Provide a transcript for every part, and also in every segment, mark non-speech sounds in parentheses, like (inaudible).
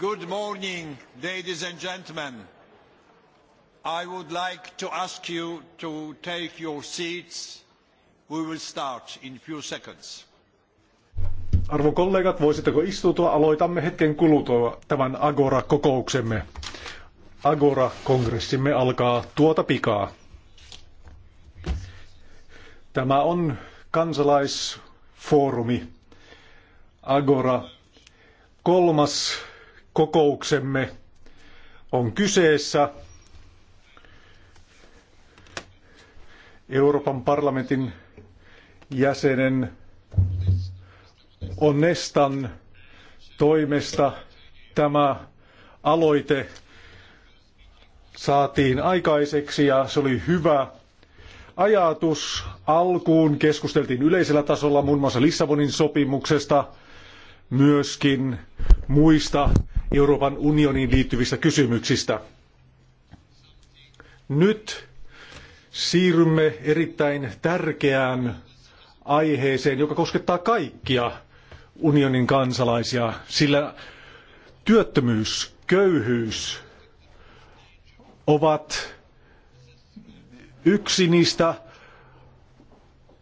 Good morning, ladies and gentlemen. I would like to ask you to take your seats. We will start in a few seconds. Arvon kollegat, voisitteko istutua? Aloitamme hetken kuluttua tämän Agora-kokouksemme. Agora-kongressimme alkaa tuota pikaa. Tämä on kansalaisfoorumi. Agora kolmas kokouksemme on kyseessä. Euroopan parlamentin jäsenen Onestan toimesta tämä aloite saatiin aikaiseksi ja se oli hyvä ajatus. Alkuun keskusteltiin yleisellä tasolla muun muassa Lissabonin sopimuksesta, myöskin muista Euroopan unioniin liittyvistä kysymyksistä. Nyt siirrymme erittäin tärkeään aiheeseen, joka koskettaa kaikkia unionin kansalaisia, sillä työttömyys, köyhyys ovat yksi niistä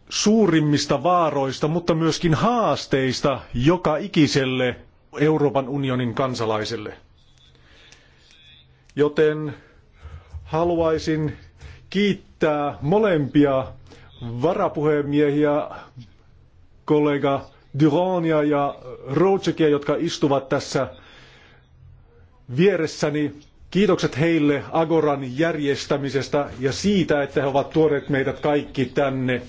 suurimmista vaaroista, mutta myöskin haasteista joka ikiselle Euroopan unionin kansalaisille. Joten haluaisin kiittää molempia varapuhemiehiä, kollega Duronia ja Rochekia, jotka istuvat tässä vieressäni. Kiitokset heille Agoran järjestämisestä ja siitä, että he ovat tuoneet meidät kaikki tänne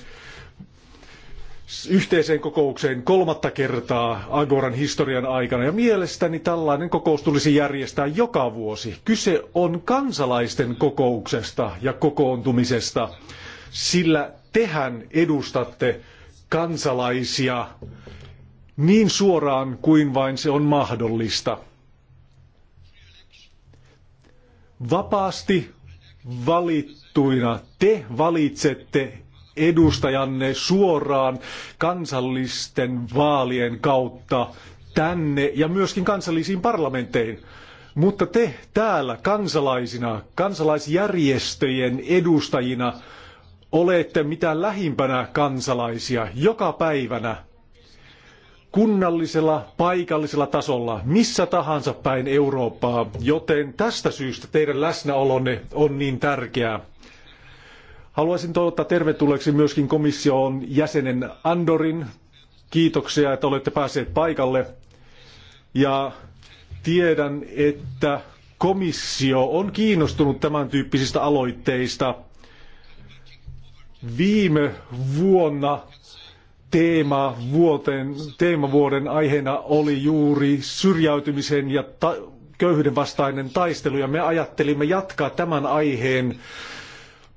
yhteiseen kokoukseen kolmatta kertaa Agoran historian aikana. Ja mielestäni tällainen kokous tulisi järjestää joka vuosi. Kyse on kansalaisten kokouksesta ja kokoontumisesta, sillä tehän edustatte kansalaisia niin suoraan kuin vain se on mahdollista. Vapaasti valittuina te valitsette edustajanne suoraan kansallisten vaalien kautta tänne ja myöskin kansallisiin parlamentteihin. Mutta te täällä kansalaisina, kansalaisjärjestöjen edustajina, olette mitä lähimpänä kansalaisia joka päivänä kunnallisella, paikallisella tasolla, missä tahansa päin Eurooppaa, joten tästä syystä teidän läsnäolonne on niin tärkeää. Haluaisin toivottaa tervetulleeksi myöskin komission jäsenen Andorin. Kiitoksia, että olette päässeet paikalle. Ja tiedän, että komissio on kiinnostunut tämän tyyppisistä aloitteista. Viime vuonna teema vuoden teemavuoden aiheena oli juuri syrjäytymisen ja ta- köyhyyden vastainen taistelu, ja me ajattelimme jatkaa tämän aiheen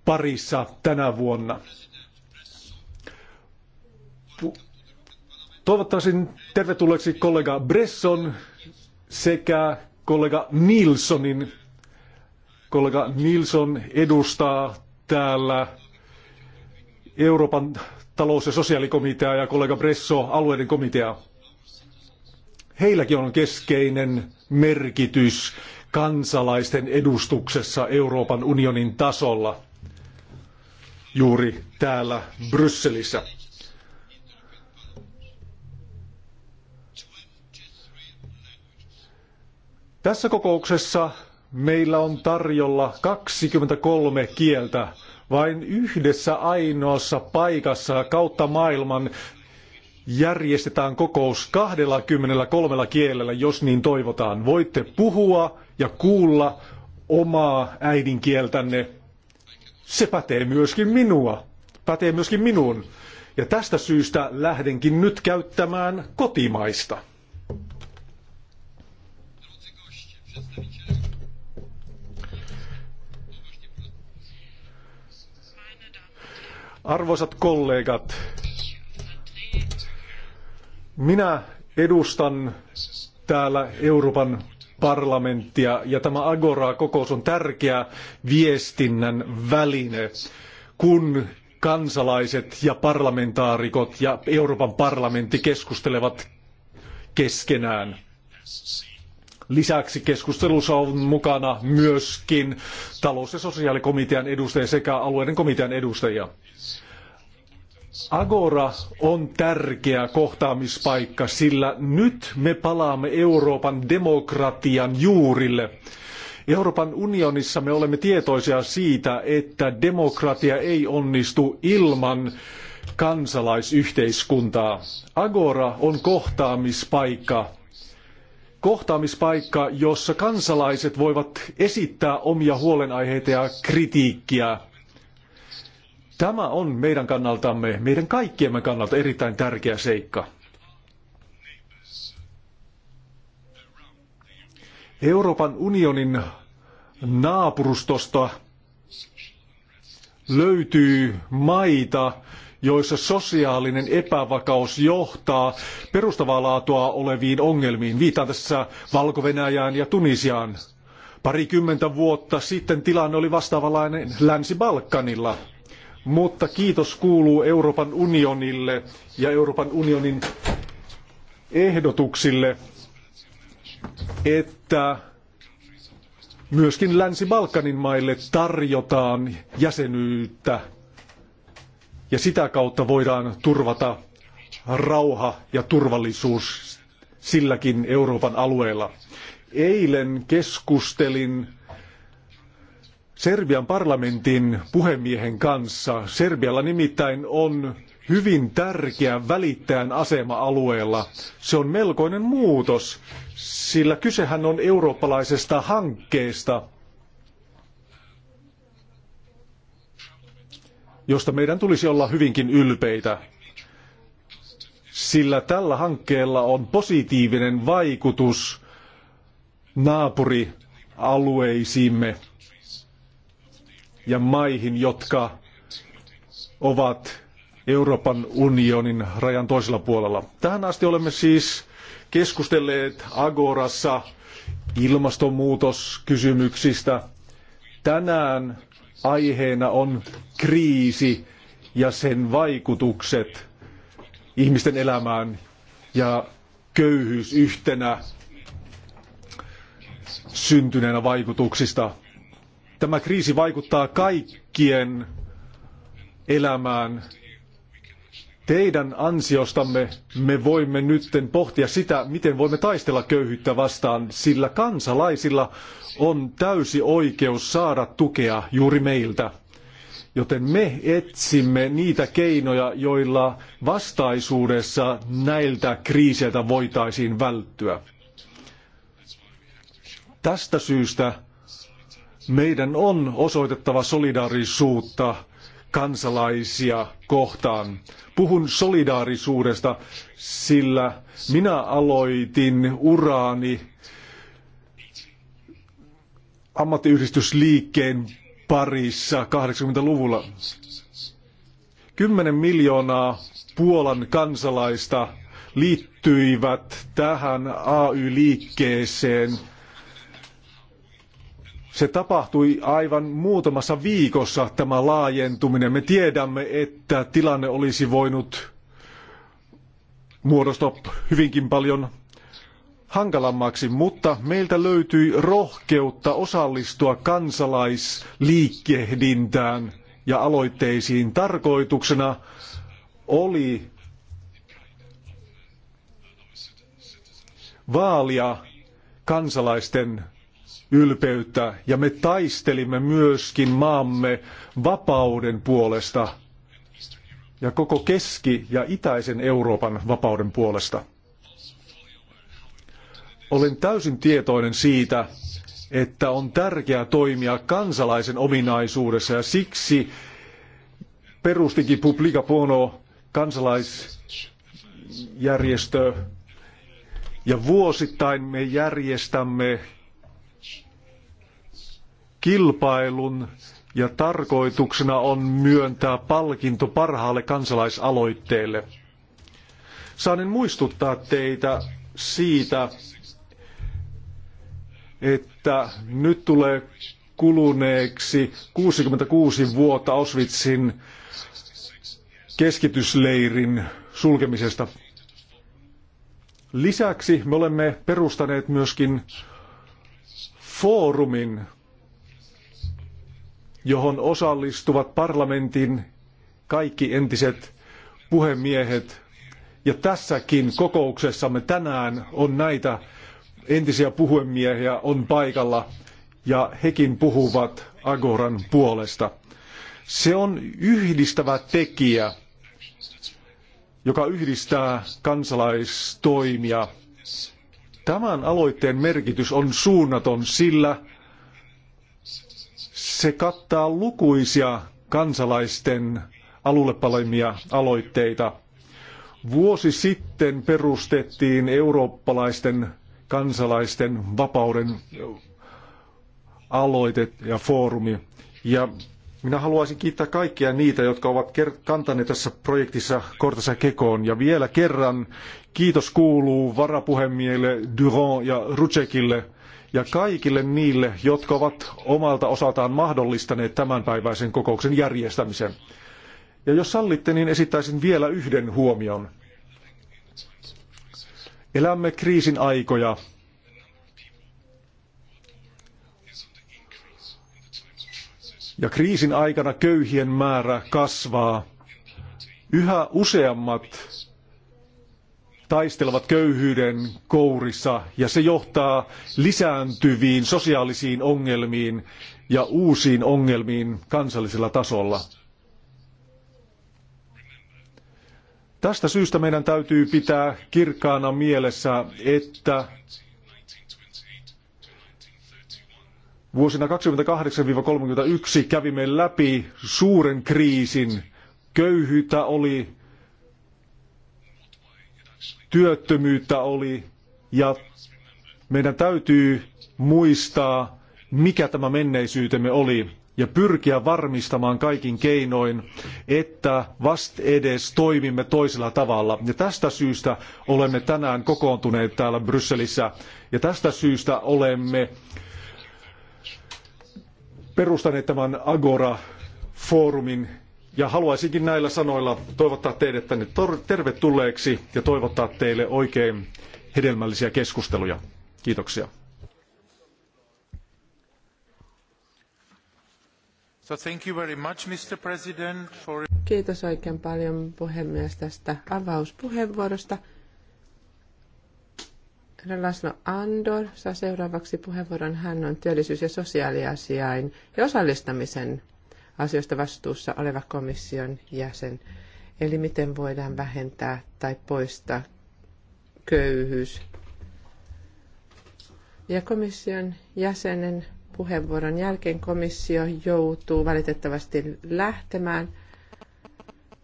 parissa tänä vuonna. Toivottaisin tervetulleeksi kollega Bresson sekä kollega Nilssonin. Kollega Nilsson edustaa täällä Euroopan talous- ja sosiaalikomitea ja kollega Bresso alueiden komitea. Heilläkin on keskeinen merkitys kansalaisten edustuksessa Euroopan unionin tasolla juuri täällä Brysselissä. Tässä kokouksessa meillä on tarjolla 23 kieltä vain yhdessä ainoassa paikassa kautta maailman järjestetään kokous 23 kielellä, jos niin toivotaan. Voitte puhua ja kuulla omaa äidinkieltänne se pätee myöskin minua, pätee myöskin minuun. Ja tästä syystä lähdenkin nyt käyttämään kotimaista. Arvoisat kollegat, minä edustan täällä Euroopan parlamenttia ja tämä Agora-kokous on tärkeä viestinnän väline, kun kansalaiset ja parlamentaarikot ja Euroopan parlamentti keskustelevat keskenään. Lisäksi keskustelussa on mukana myöskin talous- ja sosiaalikomitean edustajia sekä alueiden komitean edustajia. Agora on tärkeä kohtaamispaikka, sillä nyt me palaamme Euroopan demokratian juurille. Euroopan unionissa me olemme tietoisia siitä, että demokratia ei onnistu ilman kansalaisyhteiskuntaa. Agora on kohtaamispaikka. Kohtaamispaikka, jossa kansalaiset voivat esittää omia huolenaiheita ja kritiikkiä Tämä on meidän kannaltamme, meidän kaikkiemme kannalta erittäin tärkeä seikka. Euroopan unionin naapurustosta löytyy maita, joissa sosiaalinen epävakaus johtaa perustavaa laatua oleviin ongelmiin. Viitaan tässä valko ja Tunisiaan. Parikymmentä vuotta sitten tilanne oli vastaavanlainen Länsi-Balkanilla – mutta kiitos kuuluu Euroopan unionille ja Euroopan unionin ehdotuksille, että myöskin Länsi-Balkanin maille tarjotaan jäsenyyttä ja sitä kautta voidaan turvata rauha ja turvallisuus silläkin Euroopan alueella. Eilen keskustelin Serbian parlamentin puhemiehen kanssa. Serbialla nimittäin on hyvin tärkeä välittäjän asema alueella. Se on melkoinen muutos, sillä kysehän on eurooppalaisesta hankkeesta, josta meidän tulisi olla hyvinkin ylpeitä. Sillä tällä hankkeella on positiivinen vaikutus naapurialueisiimme ja maihin, jotka ovat Euroopan unionin rajan toisella puolella. Tähän asti olemme siis keskustelleet Agorassa ilmastonmuutoskysymyksistä. Tänään aiheena on kriisi ja sen vaikutukset ihmisten elämään ja köyhyys yhtenä syntyneenä vaikutuksista. Tämä kriisi vaikuttaa kaikkien elämään. Teidän ansiostamme me voimme nytten pohtia sitä, miten voimme taistella köyhyyttä vastaan, sillä kansalaisilla on täysi oikeus saada tukea juuri meiltä. Joten me etsimme niitä keinoja, joilla vastaisuudessa näiltä kriiseiltä voitaisiin välttyä. Tästä syystä meidän on osoitettava solidaarisuutta kansalaisia kohtaan. Puhun solidaarisuudesta, sillä minä aloitin uraani ammattiyhdistysliikkeen parissa 80-luvulla. Kymmenen miljoonaa Puolan kansalaista liittyivät tähän AY-liikkeeseen – se tapahtui aivan muutamassa viikossa tämä laajentuminen. Me tiedämme, että tilanne olisi voinut muodostua hyvinkin paljon hankalammaksi, mutta meiltä löytyi rohkeutta osallistua kansalaisliikkehdintään ja aloitteisiin. Tarkoituksena oli vaalia kansalaisten ylpeyttä ja me taistelimme myöskin maamme vapauden puolesta ja koko keski- ja itäisen Euroopan vapauden puolesta. Olen täysin tietoinen siitä, että on tärkeää toimia kansalaisen ominaisuudessa ja siksi perustinkin Publica Pono kansalaisjärjestö ja vuosittain me järjestämme kilpailun ja tarkoituksena on myöntää palkinto parhaalle kansalaisaloitteelle. Saanen muistuttaa teitä siitä, että nyt tulee kuluneeksi 66 vuotta Auschwitzin keskitysleirin sulkemisesta. Lisäksi me olemme perustaneet myöskin foorumin johon osallistuvat parlamentin kaikki entiset puhemiehet. Ja tässäkin kokouksessamme tänään on näitä entisiä puhemiehiä on paikalla ja hekin puhuvat Agoran puolesta. Se on yhdistävä tekijä, joka yhdistää kansalaistoimia. Tämän aloitteen merkitys on suunnaton, sillä se kattaa lukuisia kansalaisten alulle palemia aloitteita. Vuosi sitten perustettiin eurooppalaisten kansalaisten vapauden aloite ja foorumi. Ja minä haluaisin kiittää kaikkia niitä, jotka ovat kantaneet tässä projektissa kortensa kekoon. Ja vielä kerran kiitos kuuluu varapuhemiehille Durand ja Rucekille – ja kaikille niille, jotka ovat omalta osaltaan mahdollistaneet tämänpäiväisen kokouksen järjestämisen. Ja jos sallitte, niin esittäisin vielä yhden huomion. Elämme kriisin aikoja. Ja kriisin aikana köyhien määrä kasvaa. Yhä useammat taistelevat köyhyyden kourissa ja se johtaa lisääntyviin sosiaalisiin ongelmiin ja uusiin ongelmiin kansallisella tasolla. Tästä syystä meidän täytyy pitää kirkkaana mielessä, että vuosina 1928-1931 kävimme läpi suuren kriisin. Köyhyyttä oli työttömyyttä oli ja meidän täytyy muistaa, mikä tämä menneisyytemme oli ja pyrkiä varmistamaan kaikin keinoin, että vast edes toimimme toisella tavalla. Ja tästä syystä olemme tänään kokoontuneet täällä Brysselissä ja tästä syystä olemme perustaneet tämän Agora-foorumin ja haluaisinkin näillä sanoilla toivottaa teidät tänne tervetulleeksi ja toivottaa teille oikein hedelmällisiä keskusteluja. Kiitoksia. So thank you very much, Mr. President, for... Kiitos oikein paljon puhemies tästä avauspuheenvuorosta. Laslo Andor saa seuraavaksi puheenvuoron. Hän on työllisyys- ja sosiaaliasiain ja osallistamisen asioista vastuussa oleva komission jäsen. Eli miten voidaan vähentää tai poistaa köyhyys. Ja komission jäsenen puheenvuoron jälkeen komissio joutuu valitettavasti lähtemään.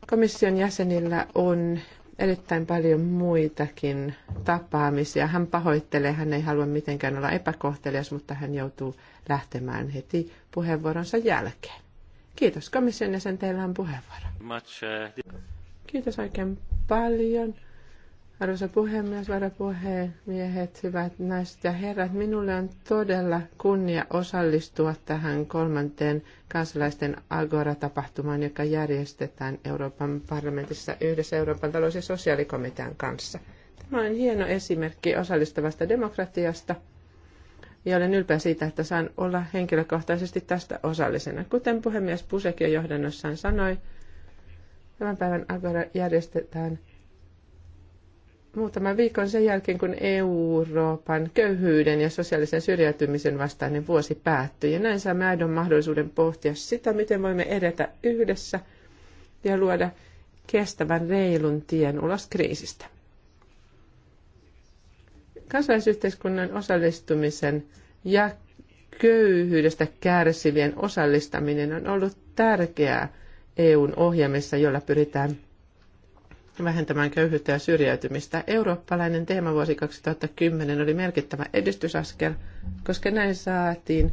Komission jäsenillä on erittäin paljon muitakin tapaamisia. Hän pahoittelee, hän ei halua mitenkään olla epäkohtelias, mutta hän joutuu lähtemään heti puheenvuoronsa jälkeen. Kiitos komission jäsen, teillä on puheenvuoro. Much, uh... Kiitos oikein paljon. Arvoisa puhemies, varapuhemiehet, hyvät naiset ja herrat, minulle on todella kunnia osallistua tähän kolmanteen kansalaisten Agora-tapahtumaan, joka järjestetään Euroopan parlamentissa yhdessä Euroopan talous- ja sosiaalikomitean kanssa. Tämä on hieno esimerkki osallistavasta demokratiasta – ja olen ylpeä siitä, että saan olla henkilökohtaisesti tästä osallisena. Kuten puhemies Pusek jo johdannossaan sanoi, tämän päivän Agora järjestetään muutaman viikon sen jälkeen, kun Euroopan köyhyyden ja sosiaalisen syrjäytymisen vastainen vuosi päättyi. Ja näin saamme aidon mahdollisuuden pohtia sitä, miten voimme edetä yhdessä ja luoda kestävän reilun tien ulos kriisistä. Kansalaisyhteiskunnan osallistumisen ja köyhyydestä kärsivien osallistaminen on ollut tärkeää EUn ohjelmissa, jolla pyritään vähentämään köyhyyttä ja syrjäytymistä. Eurooppalainen teemavuosi 2010 oli merkittävä edistysaskel, koska näin saatiin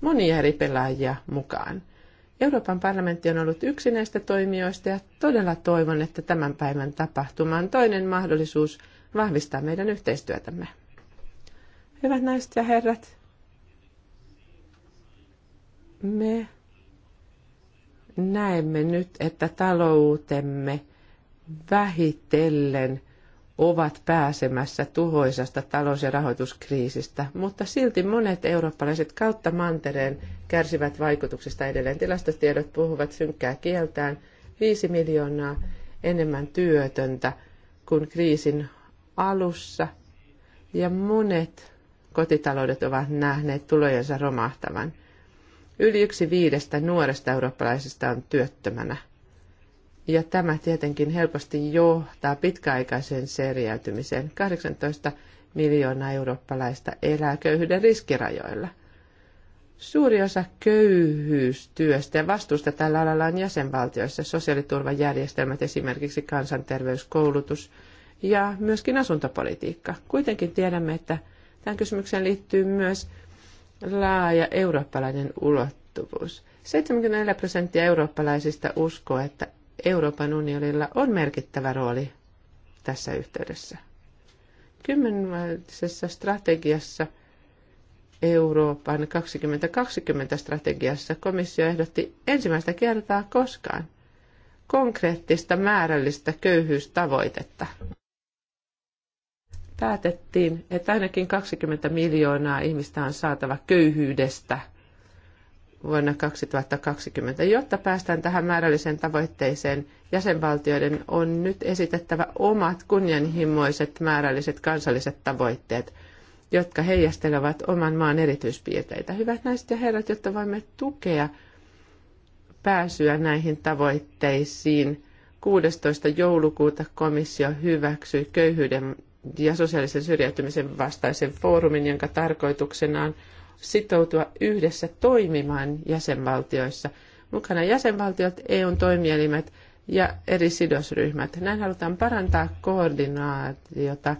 monia eri pelaajia mukaan. Euroopan parlamentti on ollut yksi näistä toimijoista ja todella toivon, että tämän päivän tapahtuma on toinen mahdollisuus – vahvistaa meidän yhteistyötämme. Hyvät naiset ja herrat, me näemme nyt, että taloutemme vähitellen ovat pääsemässä tuhoisasta talous- ja rahoituskriisistä, mutta silti monet eurooppalaiset kautta mantereen kärsivät vaikutuksista edelleen. Tilastotiedot puhuvat synkkää kieltään. Viisi miljoonaa enemmän työtöntä kuin kriisin alussa ja monet kotitaloudet ovat nähneet tulojensa romahtavan. Yli yksi viidestä nuoresta eurooppalaisesta on työttömänä. Ja tämä tietenkin helposti johtaa pitkäaikaiseen serjäytymiseen. 18 miljoonaa eurooppalaista elää köyhyyden riskirajoilla. Suuri osa köyhyystyöstä ja vastuusta tällä alalla on jäsenvaltioissa. Sosiaaliturvajärjestelmät, esimerkiksi kansanterveyskoulutus, ja myöskin asuntopolitiikka. Kuitenkin tiedämme, että tähän kysymykseen liittyy myös laaja eurooppalainen ulottuvuus. 74 prosenttia eurooppalaisista uskoo, että Euroopan unionilla on merkittävä rooli tässä yhteydessä. Kymmenvälisessä strategiassa Euroopan 2020-strategiassa komissio ehdotti ensimmäistä kertaa koskaan konkreettista määrällistä köyhyystavoitetta päätettiin, että ainakin 20 miljoonaa ihmistä on saatava köyhyydestä vuonna 2020. Jotta päästään tähän määrälliseen tavoitteeseen, jäsenvaltioiden on nyt esitettävä omat kunnianhimoiset määrälliset kansalliset tavoitteet, jotka heijastelevat oman maan erityispiirteitä. Hyvät naiset ja herrat, jotta voimme tukea pääsyä näihin tavoitteisiin, 16. joulukuuta komissio hyväksyi köyhyyden ja sosiaalisen syrjäytymisen vastaisen foorumin, jonka tarkoituksena on sitoutua yhdessä toimimaan jäsenvaltioissa. Mukana jäsenvaltiot, EUn toimielimet ja eri sidosryhmät. Näin halutaan parantaa koordinaatiota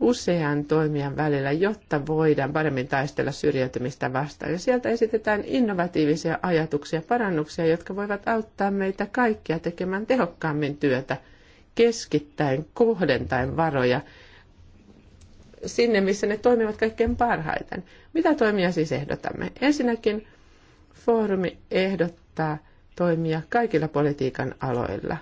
usean toimijan välillä, jotta voidaan paremmin taistella syrjäytymistä vastaan. Ja sieltä esitetään innovatiivisia ajatuksia, parannuksia, jotka voivat auttaa meitä kaikkia tekemään tehokkaammin työtä, keskittäen, kohdentaen varoja – sinne, missä ne toimivat kaikkein parhaiten. Mitä toimia siis ehdotamme? Ensinnäkin foorumi ehdottaa toimia kaikilla politiikan aloilla.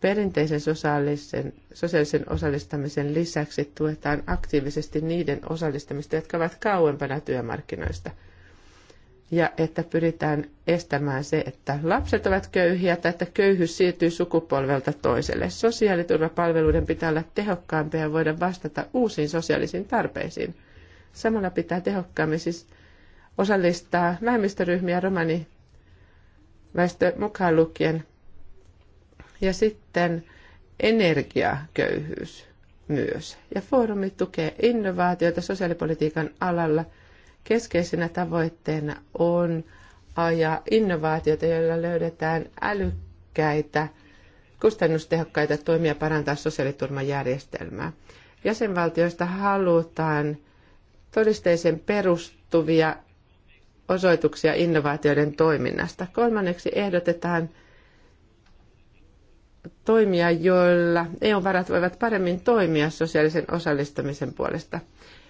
Perinteisen sosiaalisen, sosiaalisen osallistamisen lisäksi tuetaan aktiivisesti niiden osallistamista, jotka ovat kauempana työmarkkinoista – ja että pyritään estämään se, että lapset ovat köyhiä tai että köyhyys siirtyy sukupolvelta toiselle. Sosiaaliturvapalveluiden pitää olla tehokkaampia ja voida vastata uusiin sosiaalisiin tarpeisiin. Samalla pitää tehokkaammin siis osallistaa vähemmistöryhmiä romani väestö mukaan lukien. Ja sitten energiaköyhyys myös. Ja foorumi tukee innovaatioita sosiaalipolitiikan alalla – Keskeisenä tavoitteena on ajaa innovaatioita, joilla löydetään älykkäitä, kustannustehokkaita toimia parantaa sosiaaliturvajärjestelmää. Jäsenvaltioista halutaan todisteisen perustuvia osoituksia innovaatioiden toiminnasta. Kolmanneksi ehdotetaan toimia, joilla EU-varat voivat paremmin toimia sosiaalisen osallistumisen puolesta –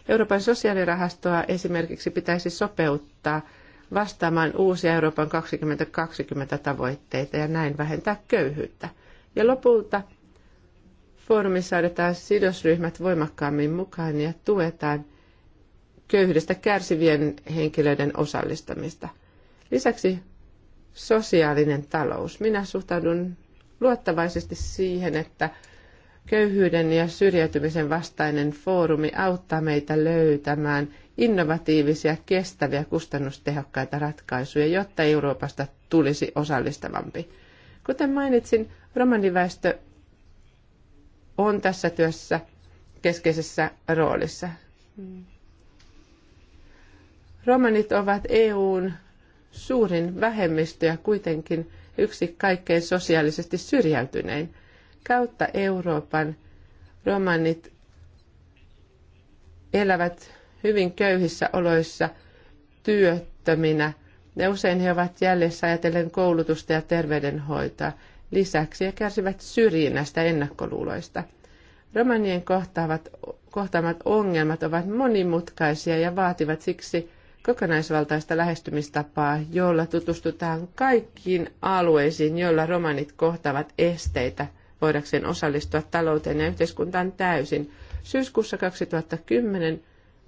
Euroopan sosiaalirahastoa esimerkiksi pitäisi sopeuttaa vastaamaan uusia Euroopan 2020 tavoitteita ja näin vähentää köyhyyttä. Ja lopulta foorumissa otetaan sidosryhmät voimakkaammin mukaan ja tuetaan köyhyydestä kärsivien henkilöiden osallistamista. Lisäksi sosiaalinen talous. Minä suhtaudun luottavaisesti siihen, että Köyhyyden ja syrjäytymisen vastainen foorumi auttaa meitä löytämään innovatiivisia, kestäviä, kustannustehokkaita ratkaisuja, jotta Euroopasta tulisi osallistavampi. Kuten mainitsin, romaniväestö on tässä työssä keskeisessä roolissa. Romanit ovat EUn suurin vähemmistö ja kuitenkin yksi kaikkein sosiaalisesti syrjäytynein – Kautta Euroopan romanit elävät hyvin köyhissä oloissa työttöminä Ne usein he ovat jäljessä ajatellen koulutusta ja terveydenhoitoa. Lisäksi he kärsivät syrjinnästä ennakkoluuloista. Romanien kohtaavat, kohtaamat ongelmat ovat monimutkaisia ja vaativat siksi kokonaisvaltaista lähestymistapaa, jolla tutustutaan kaikkiin alueisiin, joilla romanit kohtaavat esteitä – voidakseen osallistua talouteen ja yhteiskuntaan täysin. Syyskuussa 2010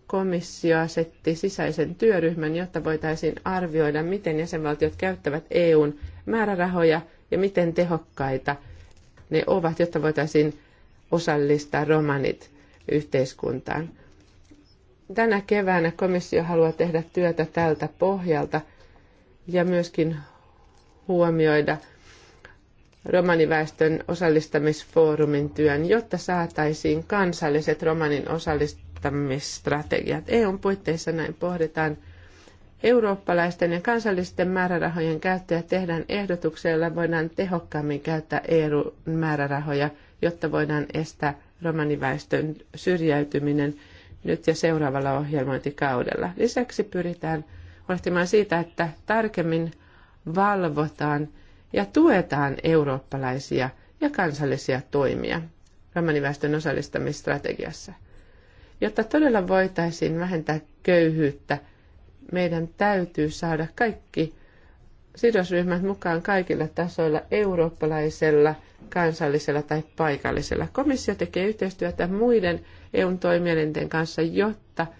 komissio asetti sisäisen työryhmän, jotta voitaisiin arvioida, miten jäsenvaltiot käyttävät EUn määrärahoja ja miten tehokkaita ne ovat, jotta voitaisiin osallistaa romanit yhteiskuntaan. Tänä keväänä komissio haluaa tehdä työtä tältä pohjalta ja myöskin huomioida – romaniväestön osallistamisfoorumin työn, jotta saataisiin kansalliset romanin osallistamisstrategiat. EUn puitteissa näin pohditaan eurooppalaisten ja kansallisten määrärahojen käyttöä tehdään ehdotuksia, joilla voidaan tehokkaammin käyttää EU-määrärahoja, jotta voidaan estää romaniväestön syrjäytyminen nyt ja seuraavalla ohjelmointikaudella. Lisäksi pyritään huolehtimaan siitä, että tarkemmin valvotaan – ja tuetaan eurooppalaisia ja kansallisia toimia romaniväestön osallistamisstrategiassa. Jotta todella voitaisiin vähentää köyhyyttä, meidän täytyy saada kaikki sidosryhmät mukaan kaikilla tasoilla, eurooppalaisella, kansallisella tai paikallisella. Komissio tekee yhteistyötä muiden EUn toimielinten kanssa, jotta –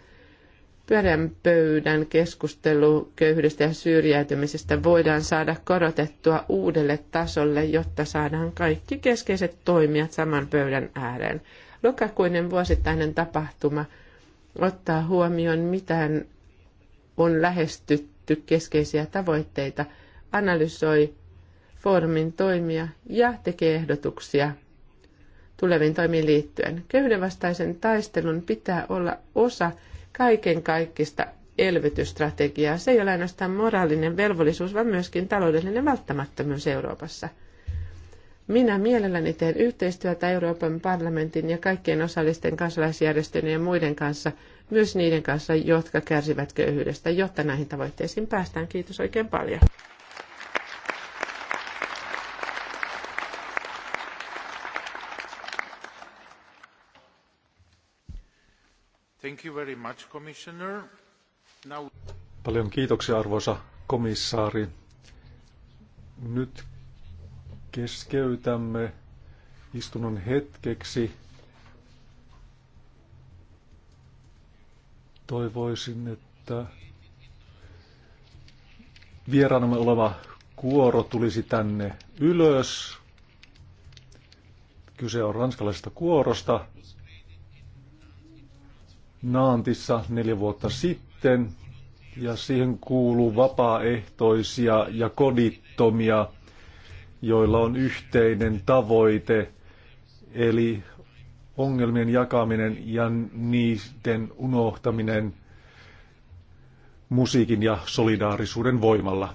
pyörän pöydän keskustelu köyhyydestä ja syrjäytymisestä voidaan saada korotettua uudelle tasolle, jotta saadaan kaikki keskeiset toimijat saman pöydän ääreen. Lokakuinen vuosittainen tapahtuma ottaa huomioon, miten on lähestytty keskeisiä tavoitteita, analysoi foorumin toimia ja tekee ehdotuksia tuleviin toimiin liittyen. Köyhyyden taistelun pitää olla osa kaiken kaikkista elvytysstrategiaa. Se ei ole ainoastaan moraalinen velvollisuus, vaan myöskin taloudellinen välttämättömyys Euroopassa. Minä mielelläni teen yhteistyötä Euroopan parlamentin ja kaikkien osallisten kansalaisjärjestöjen ja muiden kanssa, myös niiden kanssa, jotka kärsivät köyhyydestä, jotta näihin tavoitteisiin päästään. Kiitos oikein paljon. Paljon kiitoksia, arvoisa komissaari. Nyt keskeytämme istunnon hetkeksi. Toivoisin, että vieraanamme oleva kuoro tulisi tänne ylös. Kyse on ranskalaisesta kuorosta. Naantissa neljä vuotta sitten ja siihen kuuluu vapaaehtoisia ja kodittomia, joilla on yhteinen tavoite, eli ongelmien jakaminen ja niiden unohtaminen musiikin ja solidaarisuuden voimalla.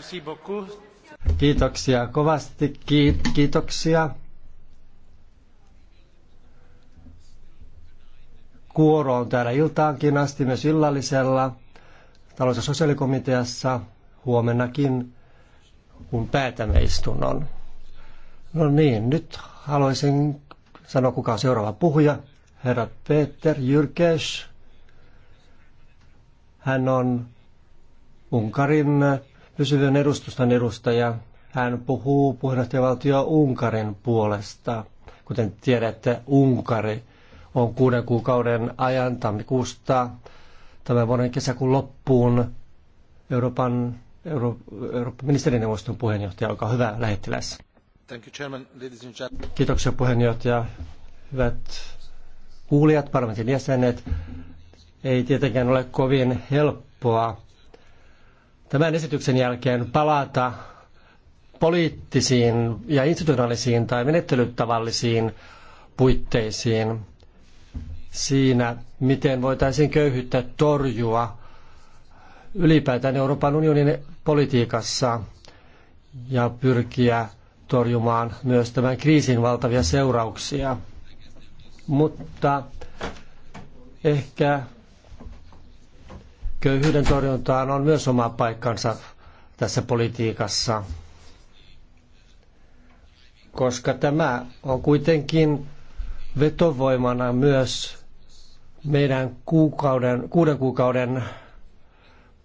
Merci beaucoup. Kiitoksia kovasti, kiitoksia. Kuoro on täällä iltaankin asti myös illallisella talous- ja sosiaalikomiteassa huomennakin, kun päätämme istunnon. No niin, nyt haluaisin sanoa, kuka on seuraava puhuja. Herra Peter Jyrkes. Hän on Unkarin pysyvän edustustan edustaja. Hän puhuu puheenjohtajavaltio Unkarin puolesta. Kuten tiedätte, Unkari on kuuden kuukauden ajan tammikuusta tämän vuoden kesäkuun loppuun Euroopan Euro, Euroopan ministerineuvoston puheenjohtaja. Olkaa hyvä, lähettiläs. Thank you, Chairman, ladies and gentlemen. Kiitoksia puheenjohtaja. Hyvät kuulijat, parlamentin jäsenet. Ei tietenkään ole kovin helppoa tämän esityksen jälkeen palata poliittisiin ja institutionaalisiin tai menettelytavallisiin puitteisiin siinä, miten voitaisiin köyhyyttä torjua ylipäätään Euroopan unionin politiikassa ja pyrkiä torjumaan myös tämän kriisin valtavia seurauksia. Mutta ehkä Köyhyyden torjuntaan on myös oma paikkansa tässä politiikassa, koska tämä on kuitenkin vetovoimana myös meidän kuukauden, kuuden kuukauden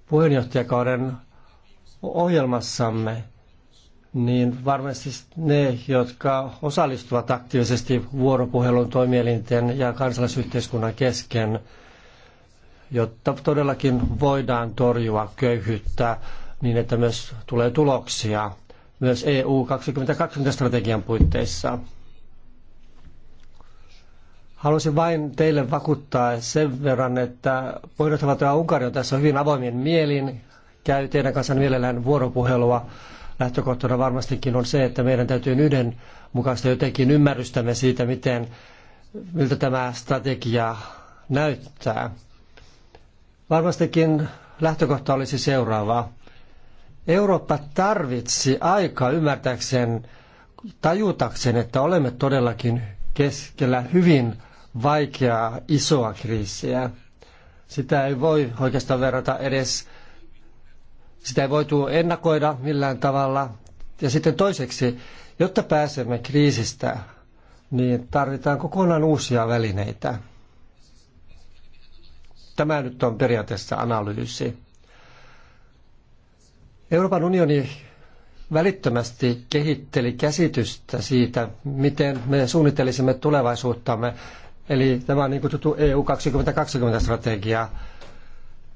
puheenjohtajakauden ohjelmassamme, niin varmasti ne, jotka osallistuvat aktiivisesti vuoropuhelun toimielinten ja kansalaisyhteiskunnan kesken, jotta todellakin voidaan torjua köyhyyttä niin, että myös tulee tuloksia myös EU 2020-strategian puitteissa. Haluaisin vain teille vakuuttaa sen verran, että pohjois ja Unkari on tässä hyvin avoimin mielin. Käy teidän kanssanne mielellään vuoropuhelua. Lähtökohtana varmastikin on se, että meidän täytyy yhden mukaista jotenkin ymmärrystämme siitä, miten, miltä tämä strategia näyttää. Varmastikin lähtökohta olisi seuraava. Eurooppa tarvitsi aikaa ymmärtääkseen, tajutakseen, että olemme todellakin keskellä hyvin vaikeaa isoa kriisiä. Sitä ei voi oikeastaan verrata edes, sitä ei voitu ennakoida millään tavalla. Ja sitten toiseksi, jotta pääsemme kriisistä, niin tarvitaan kokonaan uusia välineitä. Tämä nyt on periaatteessa analyysi. Euroopan unioni välittömästi kehitteli käsitystä siitä, miten me suunnittelisimme tulevaisuuttamme. Eli tämä on niin kutsuttu EU 2020-strategia.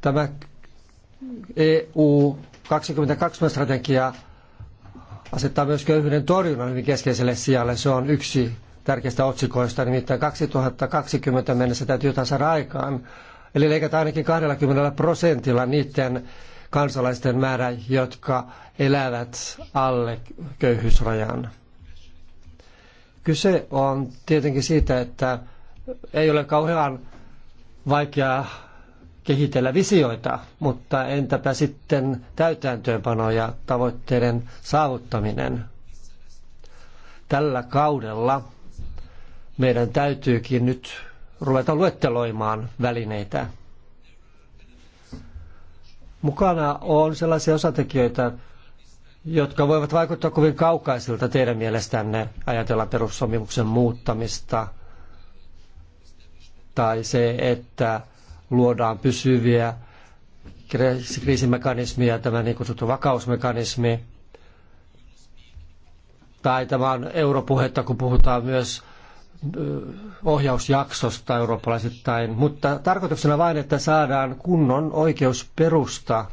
Tämä EU 2020-strategia asettaa myös köyhyyden torjunnan hyvin keskeiselle sijalle. Se on yksi tärkeistä otsikoista, nimittäin 2020 mennessä täytyy jotain saada aikaan Eli leikata ainakin 20 prosentilla niiden kansalaisten määrä, jotka elävät alle köyhyysrajan. Kyse on tietenkin siitä, että ei ole kauhean vaikeaa kehitellä visioita, mutta entäpä sitten täytäntöönpano ja tavoitteiden saavuttaminen. Tällä kaudella meidän täytyykin nyt ruveta luetteloimaan välineitä. Mukana on sellaisia osatekijöitä, jotka voivat vaikuttaa kovin kaukaisilta teidän mielestänne ajatella perussopimuksen muuttamista tai se, että luodaan pysyviä kriisimekanismia, tämä niin kutsuttu vakausmekanismi. Tai tämä on europuhetta, kun puhutaan myös ohjausjaksosta eurooppalaisittain, mutta tarkoituksena vain, että saadaan kunnon oikeusperusta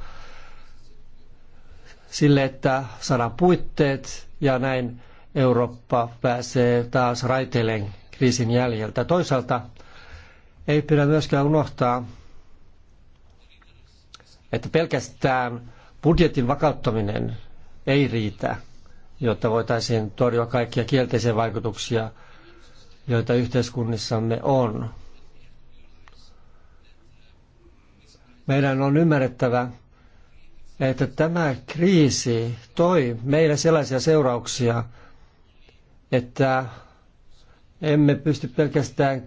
sille, että saadaan puitteet ja näin Eurooppa pääsee taas raiteilleen kriisin jäljeltä. Toisaalta ei pidä myöskään unohtaa, että pelkästään budjetin vakauttaminen ei riitä, jotta voitaisiin torjua kaikkia kielteisiä vaikutuksia – joita yhteiskunnissamme on. Meidän on ymmärrettävä, että tämä kriisi toi meille sellaisia seurauksia, että emme pysty pelkästään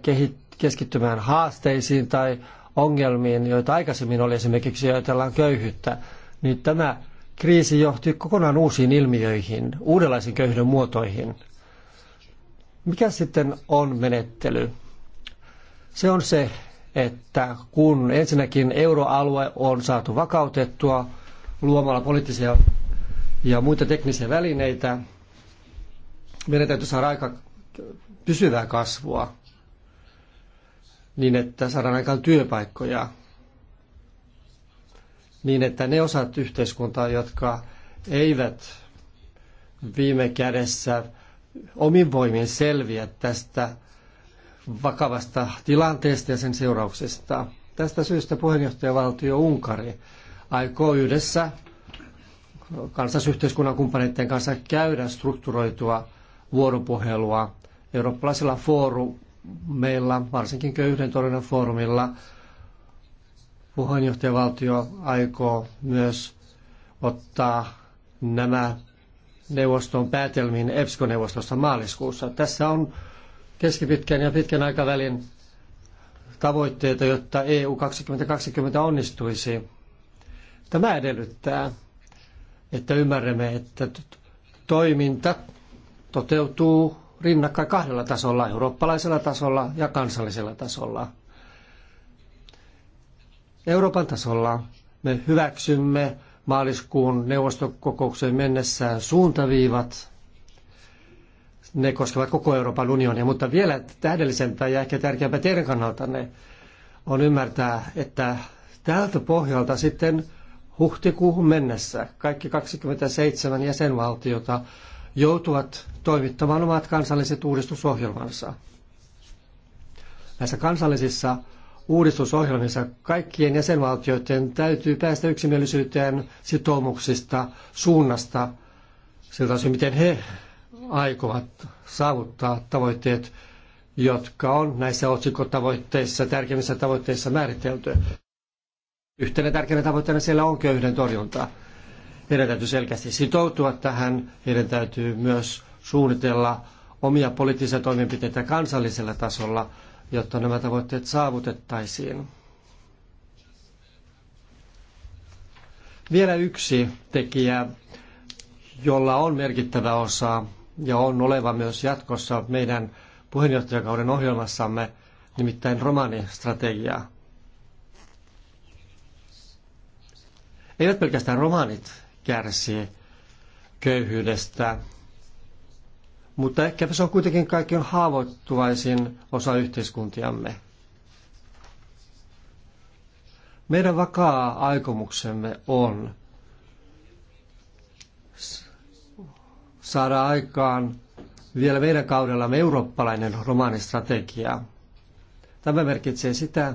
keskittymään haasteisiin tai ongelmiin, joita aikaisemmin oli esimerkiksi ajatellaan köyhyyttä, niin tämä kriisi johti kokonaan uusiin ilmiöihin, uudenlaisiin köyhyyden muotoihin – mikä sitten on menettely? Se on se, että kun ensinnäkin euroalue on saatu vakautettua luomalla poliittisia ja muita teknisiä välineitä, meidän täytyy saada aika pysyvää kasvua niin, että saadaan aikaan työpaikkoja, niin että ne osat yhteiskuntaa, jotka eivät viime kädessä omin voimin selviä tästä vakavasta tilanteesta ja sen seurauksista. Tästä syystä puheenjohtajavaltio Unkari aikoo yhdessä kansallisyhteiskunnan kumppaneiden kanssa käydä strukturoitua vuoropuhelua eurooppalaisilla foorumeilla, varsinkin köyhyyden torjunnan foorumilla. Puheenjohtajavaltio aikoo myös ottaa nämä neuvoston päätelmiin EPSCO-neuvostossa maaliskuussa. Tässä on keskipitkän ja pitkän aikavälin tavoitteita, jotta EU 2020 onnistuisi. Tämä edellyttää, että ymmärrämme, että toiminta toteutuu rinnakkain kahdella tasolla, eurooppalaisella tasolla ja kansallisella tasolla. Euroopan tasolla me hyväksymme maaliskuun neuvostokokoukseen mennessään suuntaviivat. Ne koskevat koko Euroopan unionia, mutta vielä tähdellisempää ja ehkä tärkeämpää teidän kannalta ne on ymmärtää, että tältä pohjalta sitten huhtikuuhun mennessä kaikki 27 jäsenvaltiota joutuvat toimittamaan omat kansalliset uudistusohjelmansa. Näissä kansallisissa uudistusohjelmissa kaikkien jäsenvaltioiden täytyy päästä yksimielisyyteen sitoumuksista, suunnasta, siltä osin miten he aikovat saavuttaa tavoitteet, jotka on näissä otsikkotavoitteissa, tärkeimmissä tavoitteissa määritelty. Yhtenä tärkeänä tavoitteena siellä on köyhyyden torjunta. Heidän täytyy selkeästi sitoutua tähän, heidän täytyy myös suunnitella omia poliittisia toimenpiteitä kansallisella tasolla – jotta nämä tavoitteet saavutettaisiin. Vielä yksi tekijä, jolla on merkittävä osa ja on oleva myös jatkossa meidän puheenjohtajakauden ohjelmassamme, nimittäin romaanistrategia. Eivät pelkästään romaanit kärsii köyhyydestä mutta ehkä se on kuitenkin kaikkein haavoittuvaisin osa yhteiskuntiamme. Meidän vakaa aikomuksemme on saada aikaan vielä meidän kaudellamme eurooppalainen romaanistrategia. Tämä merkitsee sitä,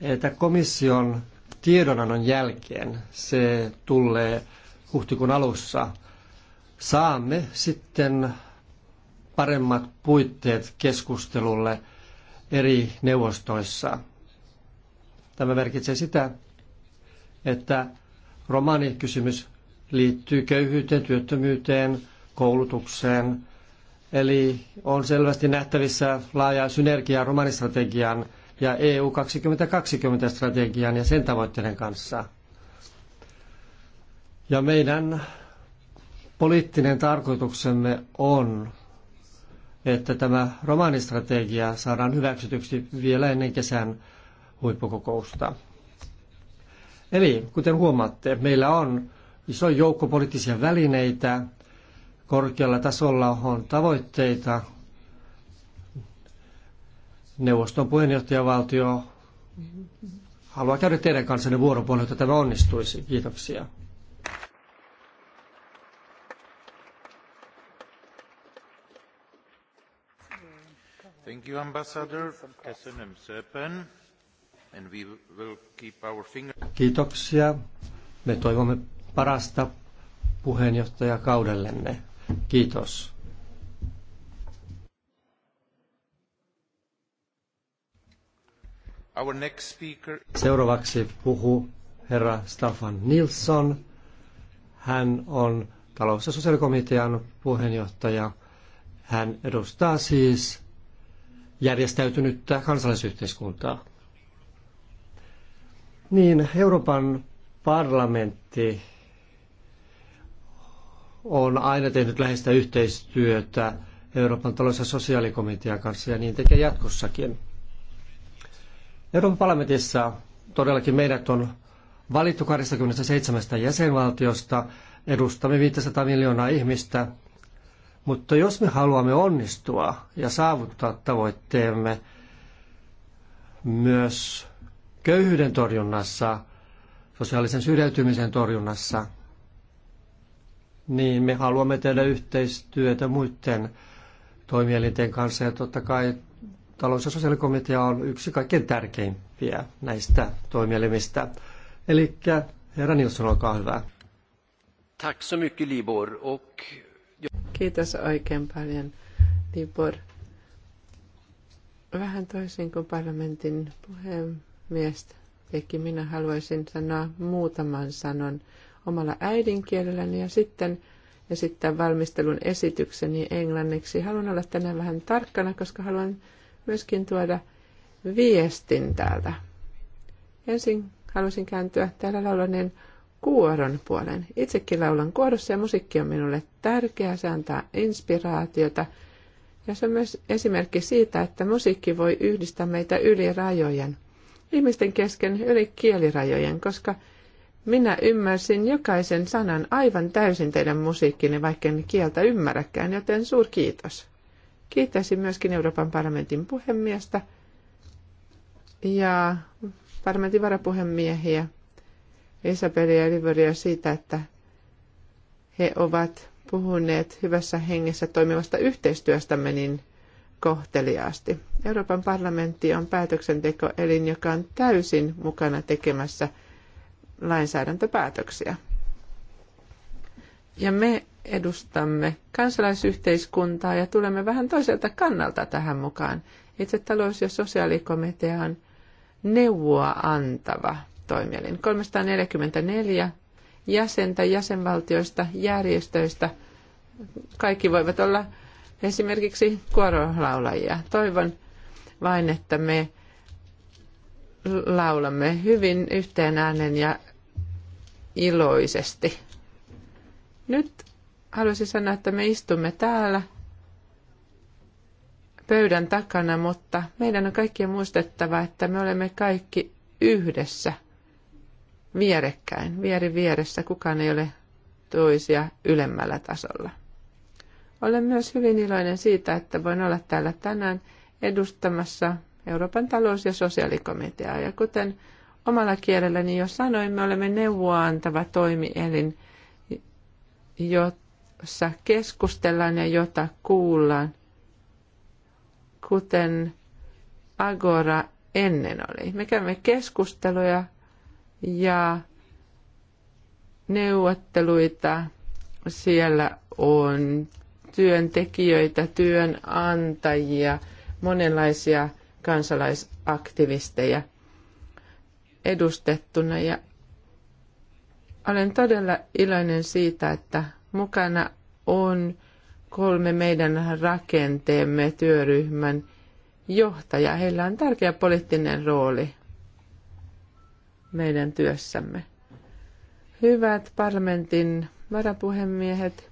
että komission tiedonannon jälkeen se tulee huhtikuun alussa – saamme sitten paremmat puitteet keskustelulle eri neuvostoissa. Tämä merkitsee sitä, että romaanikysymys liittyy köyhyyteen, työttömyyteen, koulutukseen. Eli on selvästi nähtävissä laaja synergia romanistrategian ja EU 2020-strategian ja sen tavoitteiden kanssa. Ja meidän poliittinen tarkoituksemme on, että tämä romaanistrategia saadaan hyväksytyksi vielä ennen kesän huippukokousta. Eli kuten huomaatte, meillä on iso joukko poliittisia välineitä, korkealla tasolla on tavoitteita, neuvoston puheenjohtajavaltio haluaa käydä teidän kanssanne vuoropuolelta, että tämä onnistuisi. Kiitoksia. Thank you, Ambassador. And we will keep our Kiitoksia. Me toivomme parasta puheenjohtajakaudellenne. Kiitos. Our next speaker... Seuraavaksi puhuu herra Staffan Nilsson. Hän on talous- ja sosiaalikomitean puheenjohtaja. Hän edustaa siis järjestäytynyttä kansalaisyhteiskuntaa. Niin, Euroopan parlamentti on aina tehnyt läheistä yhteistyötä Euroopan talous- ja sosiaalikomitean kanssa ja niin tekee jatkossakin. Euroopan parlamentissa todellakin meidät on valittu 27 jäsenvaltiosta, edustamme 500 miljoonaa ihmistä mutta jos me haluamme onnistua ja saavuttaa tavoitteemme myös köyhyyden torjunnassa, sosiaalisen syrjäytymisen torjunnassa, niin me haluamme tehdä yhteistyötä muiden toimielinten kanssa ja totta kai talous- ja sosiaalikomitea on yksi kaikkein tärkeimpiä näistä toimielimistä. Eli herra Nilsson, olkaa hyvä. Tack så mycket Libor. Och Kiitos oikein paljon, Libor. Vähän toisin kuin parlamentin puhemies teki, minä haluaisin sanoa muutaman sanon omalla äidinkielelläni ja sitten esittää valmistelun esitykseni englanniksi. Haluan olla tänään vähän tarkkana, koska haluan myöskin tuoda viestin täältä. Ensin haluaisin kääntyä täällä laulaneen kuoron puolen. Itsekin laulan kuorossa ja musiikki on minulle tärkeä, se antaa inspiraatiota. Ja se on myös esimerkki siitä, että musiikki voi yhdistää meitä yli rajojen, ihmisten kesken yli kielirajojen, koska minä ymmärsin jokaisen sanan aivan täysin teidän musiikkinne, vaikka en kieltä ymmärräkään, joten suur kiitos. Kiittäisin myöskin Euroopan parlamentin puhemiestä ja parlamentin varapuhemiehiä Isabelia Liveria siitä, että he ovat puhuneet hyvässä hengessä toimivasta yhteistyöstämme niin kohteliaasti. Euroopan parlamentti on päätöksentekoelin, joka on täysin mukana tekemässä lainsäädäntöpäätöksiä. Ja me edustamme kansalaisyhteiskuntaa ja tulemme vähän toiselta kannalta tähän mukaan. Itse talous- ja sosiaalikomitea on neuvoa antava toimielin. 344 jäsentä jäsenvaltioista, järjestöistä. Kaikki voivat olla esimerkiksi kuorolaulajia. Toivon vain, että me laulamme hyvin yhteen äänen ja iloisesti. Nyt haluaisin sanoa, että me istumme täällä pöydän takana, mutta meidän on kaikkien muistettava, että me olemme kaikki yhdessä – vierekkäin, vieri vieressä, kukaan ei ole toisia ylemmällä tasolla. Olen myös hyvin iloinen siitä, että voin olla täällä tänään edustamassa Euroopan talous- ja sosiaalikomiteaa. Ja kuten omalla kielelläni jo sanoin, me olemme neuvoa antava toimielin, jossa keskustellaan ja jota kuullaan, kuten Agora ennen oli. Me käymme keskusteluja ja neuvotteluita siellä on työntekijöitä, työnantajia, monenlaisia kansalaisaktivisteja edustettuna ja olen todella iloinen siitä, että mukana on kolme meidän rakenteemme työryhmän johtaja. Heillä on tärkeä poliittinen rooli meidän työssämme. Hyvät parlamentin varapuhemiehet,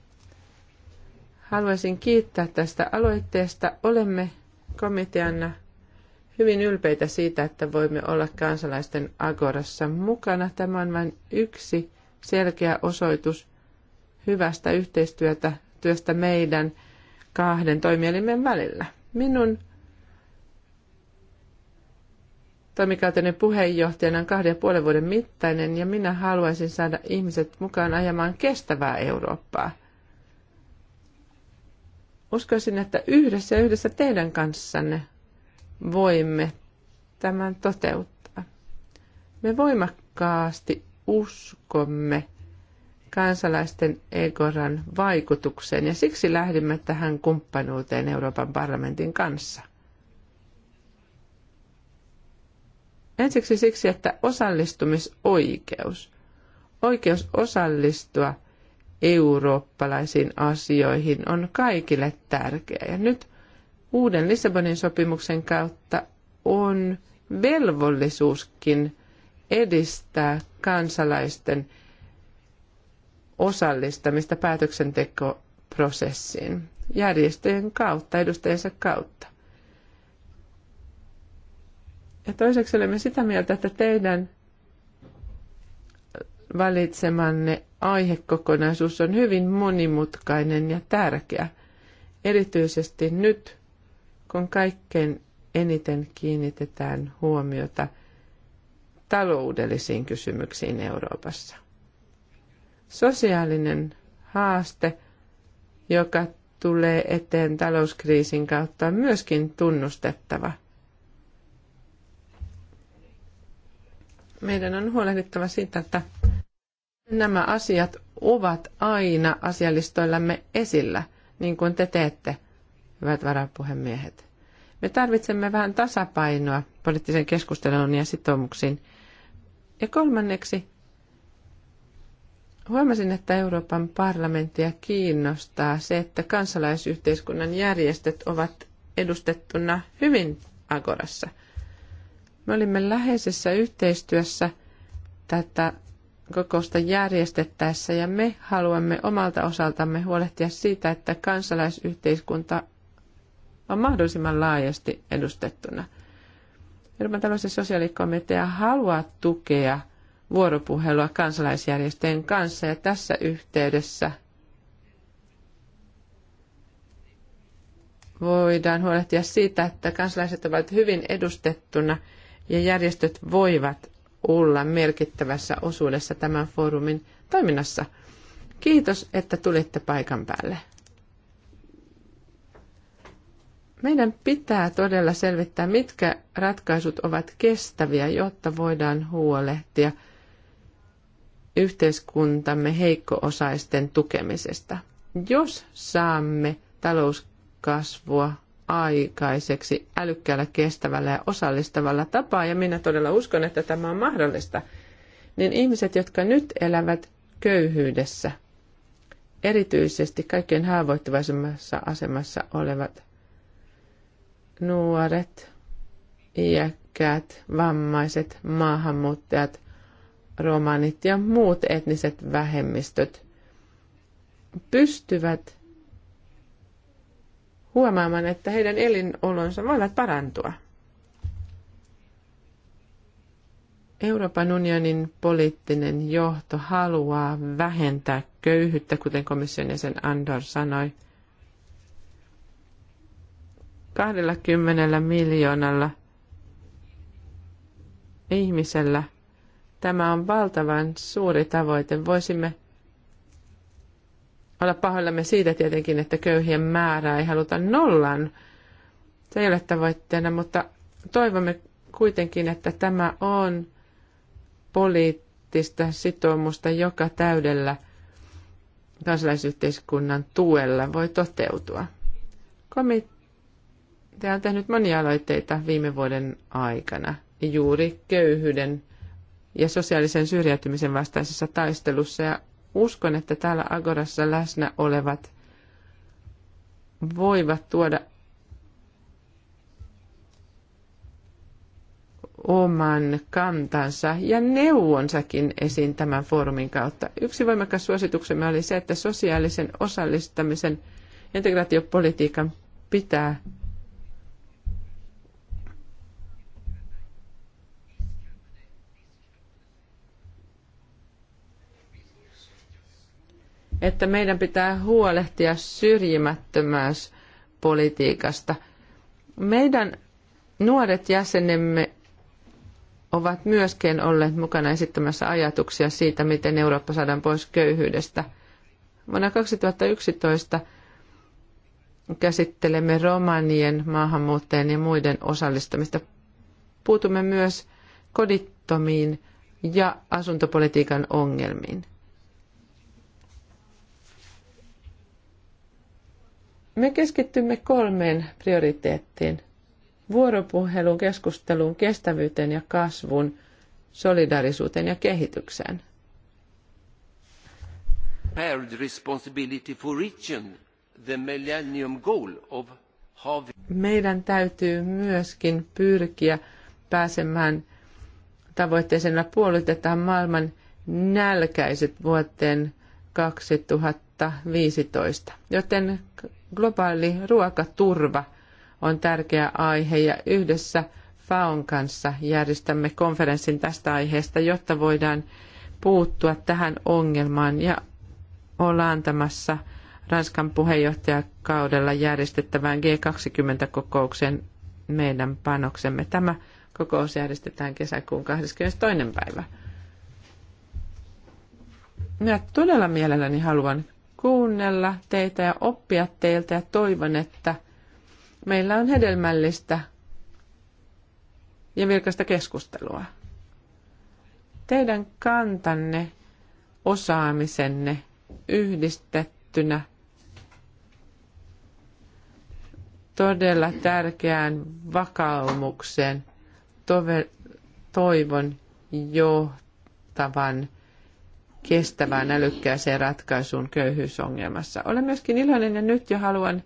haluaisin kiittää tästä aloitteesta. Olemme komiteana hyvin ylpeitä siitä, että voimme olla kansalaisten agorassa mukana. Tämä on vain yksi selkeä osoitus hyvästä yhteistyötä työstä meidän kahden toimielimen välillä. Minun toimikauteni puheenjohtajana on kahden ja puolen vuoden mittainen ja minä haluaisin saada ihmiset mukaan ajamaan kestävää Eurooppaa. Uskoisin, että yhdessä ja yhdessä teidän kanssanne voimme tämän toteuttaa. Me voimakkaasti uskomme kansalaisten Egoran vaikutukseen ja siksi lähdimme tähän kumppanuuteen Euroopan parlamentin kanssa – Ensiksi siksi, että osallistumisoikeus, oikeus osallistua eurooppalaisiin asioihin on kaikille tärkeä. Ja nyt uuden Lissabonin sopimuksen kautta on velvollisuuskin edistää kansalaisten osallistamista päätöksentekoprosessiin järjestöjen kautta, edustajansa kautta. Ja toiseksi olemme sitä mieltä, että teidän valitsemanne aihekokonaisuus on hyvin monimutkainen ja tärkeä, erityisesti nyt, kun kaikkein eniten kiinnitetään huomiota taloudellisiin kysymyksiin Euroopassa. Sosiaalinen haaste, joka tulee eteen talouskriisin kautta, on myöskin tunnustettava – Meidän on huolehdittava siitä, että nämä asiat ovat aina asialistoillamme esillä, niin kuin te teette, hyvät varapuhemiehet. Me tarvitsemme vähän tasapainoa poliittisen keskustelun ja sitoumuksiin. Ja kolmanneksi, huomasin, että Euroopan parlamenttia kiinnostaa se, että kansalaisyhteiskunnan järjestöt ovat edustettuna hyvin Agorassa – me olimme läheisessä yhteistyössä tätä kokousta järjestettäessä ja me haluamme omalta osaltamme huolehtia siitä, että kansalaisyhteiskunta on mahdollisimman laajasti edustettuna. Euroopan talous- ja sosiaalikomitea haluaa tukea vuoropuhelua kansalaisjärjestöjen kanssa ja tässä yhteydessä voidaan huolehtia siitä, että kansalaiset ovat hyvin edustettuna – ja järjestöt voivat olla merkittävässä osuudessa tämän foorumin toiminnassa. Kiitos, että tulitte paikan päälle. Meidän pitää todella selvittää, mitkä ratkaisut ovat kestäviä, jotta voidaan huolehtia yhteiskuntamme heikko-osaisten tukemisesta. Jos saamme talouskasvua aikaiseksi älykkäällä, kestävällä ja osallistavalla tapaa, ja minä todella uskon, että tämä on mahdollista, niin ihmiset, jotka nyt elävät köyhyydessä, erityisesti kaikkein haavoittuvaisemmassa asemassa olevat nuoret, iäkkäät, vammaiset, maahanmuuttajat, romanit ja muut etniset vähemmistöt, pystyvät huomaamaan, että heidän elinolonsa voivat parantua. Euroopan unionin poliittinen johto haluaa vähentää köyhyyttä, kuten komission jäsen Andor sanoi. 20 miljoonalla ihmisellä tämä on valtavan suuri tavoite. Voisimme olla pahoillamme siitä tietenkin, että köyhien määrää ei haluta nollan. Se ei ole tavoitteena, mutta toivomme kuitenkin, että tämä on poliittista sitoumusta, joka täydellä kansalaisyhteiskunnan tuella voi toteutua. Komitea on tehnyt monia aloitteita viime vuoden aikana juuri köyhyyden ja sosiaalisen syrjäytymisen vastaisessa taistelussa ja Uskon, että täällä Agorassa läsnä olevat voivat tuoda oman kantansa ja neuvonsakin esiin tämän foorumin kautta. Yksi voimakas suosituksemme oli se, että sosiaalisen osallistamisen integraatiopolitiikan pitää että meidän pitää huolehtia syrjimättömyyspolitiikasta. Meidän nuoret jäsenemme ovat myöskin olleet mukana esittämässä ajatuksia siitä, miten Eurooppa saadaan pois köyhyydestä. Vuonna 2011 käsittelemme romanien, maahanmuuttajien ja muiden osallistamista. Puutumme myös kodittomiin ja asuntopolitiikan ongelmiin. Me keskittymme kolmeen prioriteettiin. vuoropuhelun keskustelun kestävyyteen ja kasvun solidarisuuteen ja kehitykseen. Meidän täytyy myöskin pyrkiä pääsemään tavoitteeseen puolitetaan maailman nälkäiset vuoteen 2015, joten Globaali ruokaturva on tärkeä aihe ja yhdessä FAON kanssa järjestämme konferenssin tästä aiheesta, jotta voidaan puuttua tähän ongelmaan ja olla antamassa Ranskan puheenjohtajakaudella järjestettävään G20-kokoukseen meidän panoksemme. Tämä kokous järjestetään kesäkuun 22. päivä. Minä todella mielelläni haluan kuunnella teitä ja oppia teiltä ja toivon, että meillä on hedelmällistä ja vilkasta keskustelua. Teidän kantanne, osaamisenne yhdistettynä todella tärkeään vakaumukseen toivon johtavan kestävään älykkääseen ratkaisuun köyhyysongelmassa. Olen myöskin iloinen ja nyt jo haluan,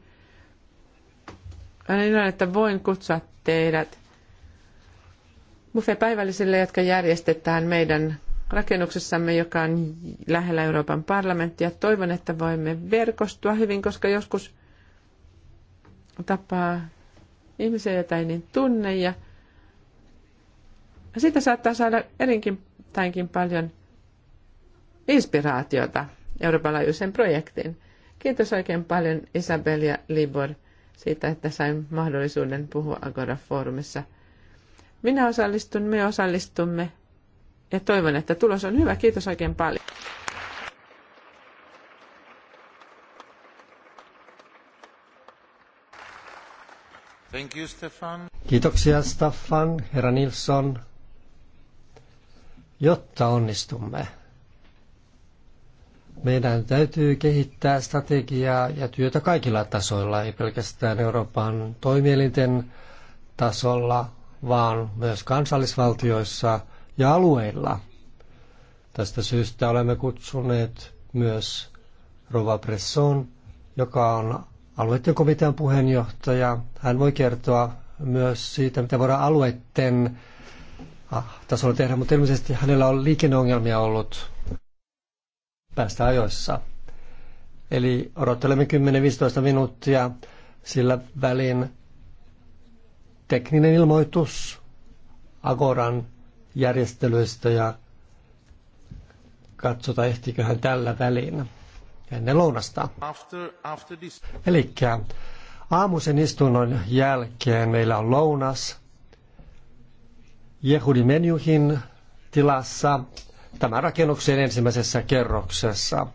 olen iloinen, että voin kutsua teidät buffet-päivällisille, jotka järjestetään meidän rakennuksessamme, joka on lähellä Euroopan parlamenttia. Toivon, että voimme verkostua hyvin, koska joskus tapaa ihmisiä, joita ei niin tunne ja siitä saattaa saada erinkin tainkin paljon inspiraatiota Euroopan laajuisen projektiin. Kiitos oikein paljon Isabel ja Libor siitä, että sain mahdollisuuden puhua Agora-foorumissa. Minä osallistun, me osallistumme ja toivon, että tulos on hyvä. Kiitos oikein paljon. Thank you, Stefan. Kiitoksia Staffan, herra Nilsson, jotta onnistumme. Meidän täytyy kehittää strategiaa ja työtä kaikilla tasoilla, ei pelkästään Euroopan toimielinten tasolla, vaan myös kansallisvaltioissa ja alueilla. Tästä syystä olemme kutsuneet myös Rova Presson, joka on alueiden komitean puheenjohtaja. Hän voi kertoa myös siitä, mitä voidaan alueiden ah, tasolla tehdä, mutta ilmeisesti hänellä on liikenneongelmia ollut päästä ajoissa. Eli odottelemme 10-15 minuuttia sillä välin tekninen ilmoitus Agoran järjestelyistä ja katsota ehtiköhän tällä välin ennen lounasta. After, after this... Eli aamuisen istunnon jälkeen meillä on lounas Jehudi Menyuhin tilassa tämän rakennuksen ensimmäisessä kerroksessa.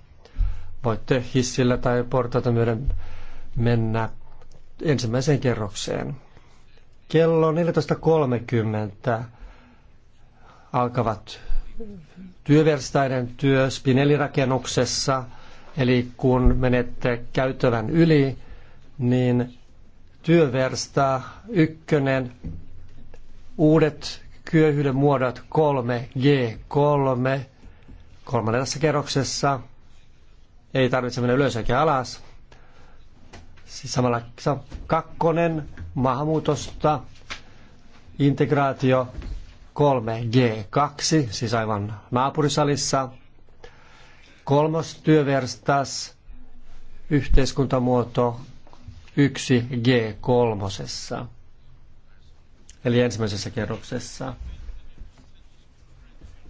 Voitte hissillä tai portaita myöden mennä ensimmäiseen kerrokseen. Kello 14.30 alkavat työverstaiden työ Spinelli-rakennuksessa, eli kun menette käytävän yli, niin työversta ykkönen, uudet kyöhyyden muodot 3G3 kolmannessa kerroksessa. Ei tarvitse mennä ylös eikä alas. Siis samalla kakkonen maahanmuutosta, integraatio 3G2, siis aivan naapurisalissa. Kolmos työverstas, yhteiskuntamuoto 1G3 eli ensimmäisessä kerroksessa.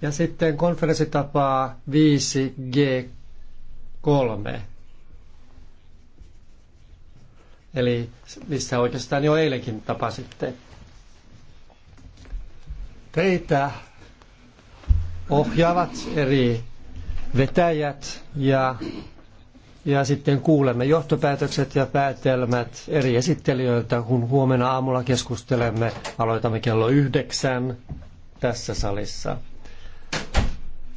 Ja sitten konferenssitapaa 5G3, eli missä oikeastaan jo eilenkin tapasitte. Teitä ohjaavat eri vetäjät ja ja sitten kuulemme johtopäätökset ja päätelmät eri esittelijöiltä, kun huomenna aamulla keskustelemme. Aloitamme kello yhdeksän tässä salissa.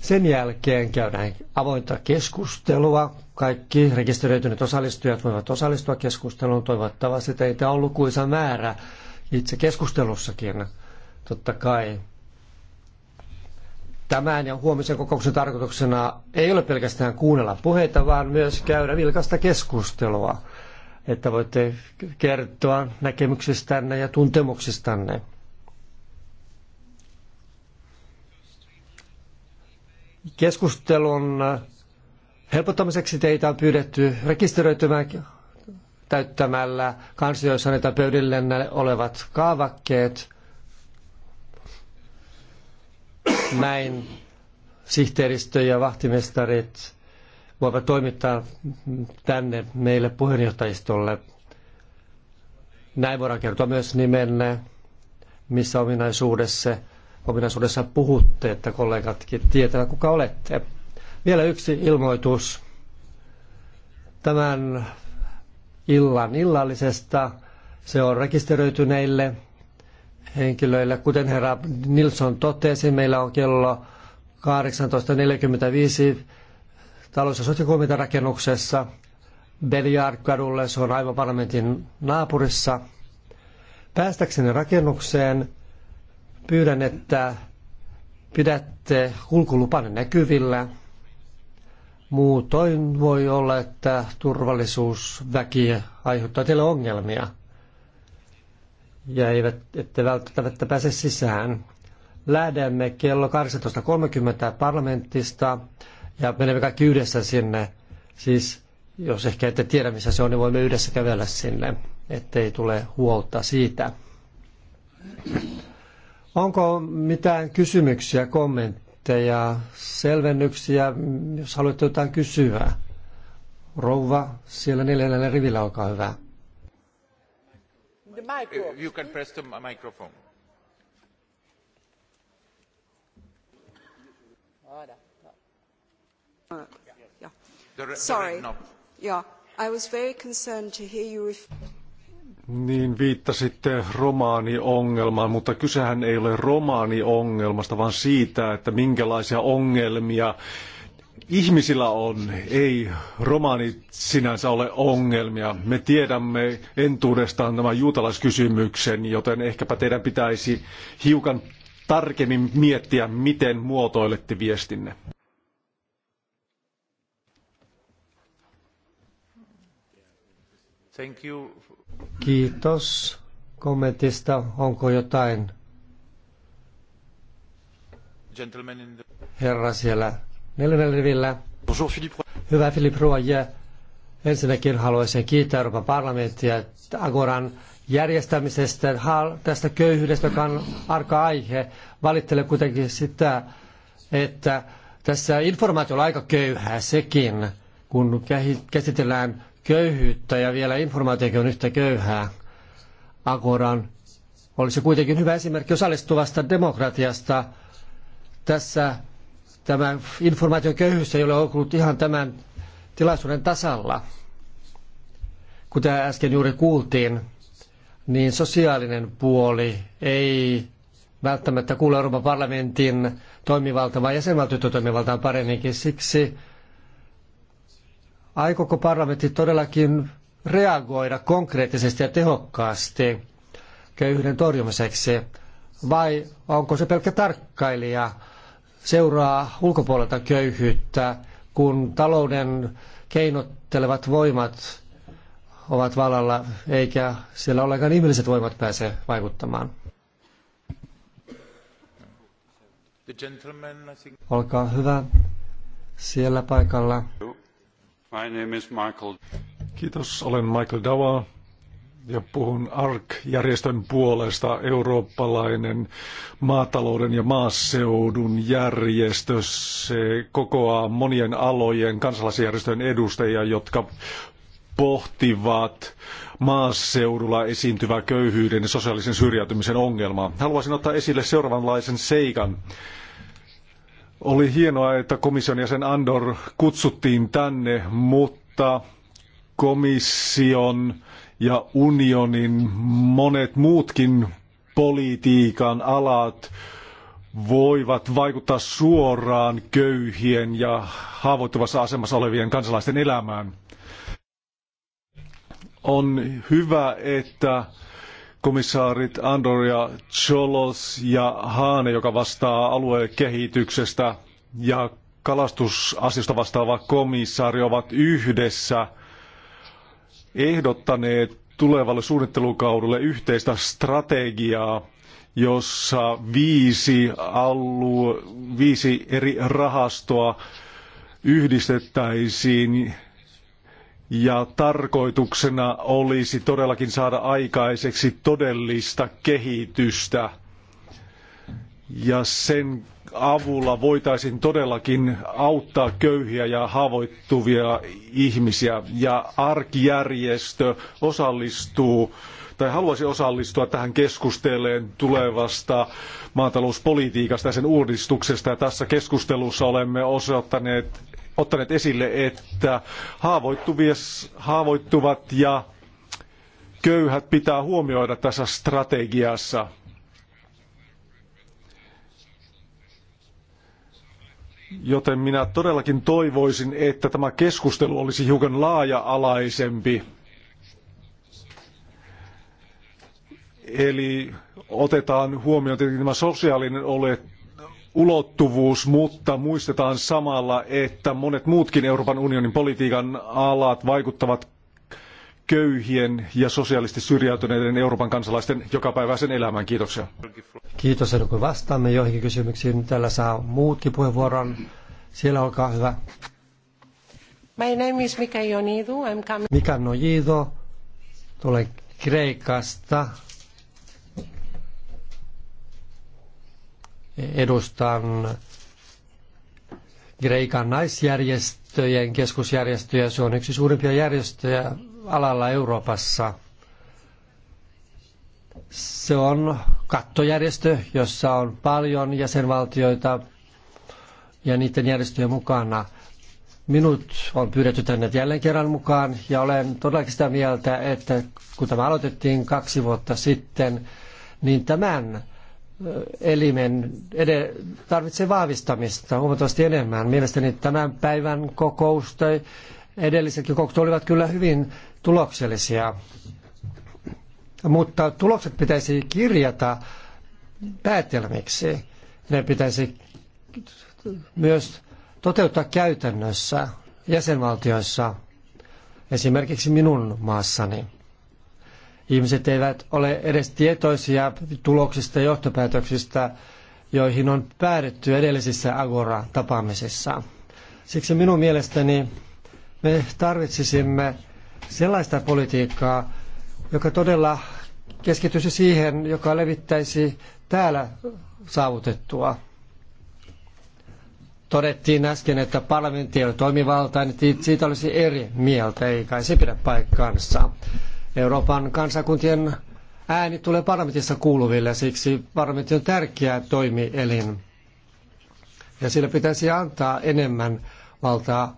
Sen jälkeen käydään avointa keskustelua. Kaikki rekisteröityneet osallistujat voivat osallistua keskusteluun. Toivottavasti teitä on lukuisa määrä itse keskustelussakin, totta kai. Tämän ja huomisen kokouksen tarkoituksena ei ole pelkästään kuunnella puheita, vaan myös käydä vilkasta keskustelua, että voitte kertoa näkemyksistänne ja tuntemuksistanne. Keskustelun helpottamiseksi teitä on pyydetty rekisteröitymään täyttämällä kansioissa näitä pöydillenne olevat kaavakkeet – Näin sihteeristö ja vahtimestarit voivat toimittaa tänne meille puheenjohtajistolle. Näin voidaan kertoa myös nimenne, missä ominaisuudessa, ominaisuudessa puhutte, että kollegatkin tietävät, kuka olette. Vielä yksi ilmoitus tämän illan illallisesta. Se on rekisteröityneille henkilöille. Kuten herra Nilsson totesi, meillä on kello 18.45 talous- ja sotikomitarakennuksessa Beliard-kadulle. Se on aivan parlamentin naapurissa. Päästäkseni rakennukseen pyydän, että pidätte kulkulupanne näkyvillä. Muutoin voi olla, että turvallisuusväki aiheuttaa teille ongelmia ja eivät, ette välttämättä pääse sisään. Lähdemme kello 18.30 parlamentista ja menemme kaikki yhdessä sinne. Siis jos ehkä ette tiedä missä se on, niin voimme yhdessä kävellä sinne, ettei tule huolta siitä. Onko mitään kysymyksiä, kommentteja, selvennyksiä, jos haluatte jotain kysyä? Rouva, siellä neljällä rivillä, olkaa hyvä the micro. You can press the microphone. Uh, Sorry. No. yeah. I was very concerned to hear you niin viittasitte romaaniongelmaan, mutta kysehän ei ole romaaniongelmasta, vaan siitä, että minkälaisia ongelmia ihmisillä on, ei romaanit sinänsä ole ongelmia. Me tiedämme entuudestaan tämän juutalaiskysymyksen, joten ehkäpä teidän pitäisi hiukan tarkemmin miettiä, miten muotoilette viestinne. Kiitos kommentista. Onko jotain? Herra siellä neljännellä rivillä. Bonjour, Philippe. Hyvä Philippe Royer. Ensinnäkin haluaisin kiittää Euroopan parlamenttia Agoran järjestämisestä, tästä köyhyydestä, joka on arka aihe. Valittele kuitenkin sitä, että tässä informaatio on aika köyhää sekin, kun käsitellään köyhyyttä ja vielä informaatiokin on yhtä köyhää. Agoran olisi kuitenkin hyvä esimerkki osallistuvasta demokratiasta. Tässä tämä informaatioköyhyys ei ole ollut ihan tämän tilaisuuden tasalla. Kuten äsken juuri kuultiin, niin sosiaalinen puoli ei välttämättä kuule Euroopan parlamentin toimivalta, vaan jäsenvaltioiden toimivaltaan paremminkin. Siksi aikoko parlamentti todellakin reagoida konkreettisesti ja tehokkaasti köyhyyden torjumiseksi, vai onko se pelkkä tarkkailija, seuraa ulkopuolelta köyhyyttä, kun talouden keinottelevat voimat ovat vallalla, eikä siellä ollenkaan ihmiset voimat pääse vaikuttamaan. Olkaa hyvä siellä paikalla. Kiitos, olen Michael Dawa, ja puhun ARK-järjestön puolesta, eurooppalainen maatalouden ja maaseudun järjestö. Se kokoaa monien alojen kansalaisjärjestön edustajia, jotka pohtivat maaseudulla esiintyvää köyhyyden ja sosiaalisen syrjäytymisen ongelmaa. Haluaisin ottaa esille seuraavanlaisen seikan. Oli hienoa, että komission jäsen Andor kutsuttiin tänne, mutta komission ja unionin monet muutkin politiikan alat voivat vaikuttaa suoraan köyhien ja haavoittuvassa asemassa olevien kansalaisten elämään. On hyvä, että komissaarit Andor ja Cholos ja Haane, joka vastaa aluekehityksestä ja kalastusasioista vastaava komissaari ovat yhdessä – ehdottaneet tulevalle suunnittelukaudelle yhteistä strategiaa, jossa viisi, viisi eri rahastoa yhdistettäisiin ja tarkoituksena olisi todellakin saada aikaiseksi todellista kehitystä – ja sen avulla voitaisiin todellakin auttaa köyhiä ja haavoittuvia ihmisiä. Ja arkijärjestö osallistuu tai haluaisi osallistua tähän keskusteleen tulevasta maatalouspolitiikasta ja sen uudistuksesta. Ja tässä keskustelussa olemme osoittaneet, ottaneet esille, että haavoittuvat ja köyhät pitää huomioida tässä strategiassa – Joten minä todellakin toivoisin, että tämä keskustelu olisi hiukan laaja-alaisempi. Eli otetaan huomioon tietenkin tämä sosiaalinen ole, ulottuvuus, mutta muistetaan samalla, että monet muutkin Euroopan unionin politiikan alat vaikuttavat köyhien ja sosiaalisesti syrjäytyneiden Euroopan kansalaisten jokapäiväisen elämän. Kiitoksia. Kiitos, Edu, kun vastaamme joihinkin kysymyksiin. Täällä saa muutkin puheenvuoron. Siellä olkaa hyvä. My name is Mika Ionidu. I'm coming... Mika Nojido. Tulen Kreikasta. Edustan Kreikan naisjärjestöjen keskusjärjestöjä. Se on yksi suurimpia järjestöjä alalla Euroopassa. Se on kattojärjestö, jossa on paljon jäsenvaltioita ja niiden järjestöjä mukana. Minut on pyydetty tänne jälleen kerran mukaan ja olen todellakin sitä mieltä, että kun tämä aloitettiin kaksi vuotta sitten, niin tämän elimen ede, tarvitsee vahvistamista huomattavasti enemmän. Mielestäni tämän päivän kokous tai Edelliset kokoukset olivat kyllä hyvin tuloksellisia, mutta tulokset pitäisi kirjata päätelmiksi. Ne pitäisi myös toteuttaa käytännössä jäsenvaltioissa, esimerkiksi minun maassani. Ihmiset eivät ole edes tietoisia tuloksista ja johtopäätöksistä, joihin on päädytty edellisissä Agora-tapaamisissa. Siksi minun mielestäni me tarvitsisimme sellaista politiikkaa, joka todella keskittyisi siihen, joka levittäisi täällä saavutettua. Todettiin äsken, että parlamentti ei ole toimivaltainen, niin että siitä olisi eri mieltä, ei kai se pidä paikkaansa. Euroopan kansakuntien ääni tulee parlamentissa kuuluville, siksi parlamentti on tärkeä toimielin. Ja sillä pitäisi antaa enemmän valtaa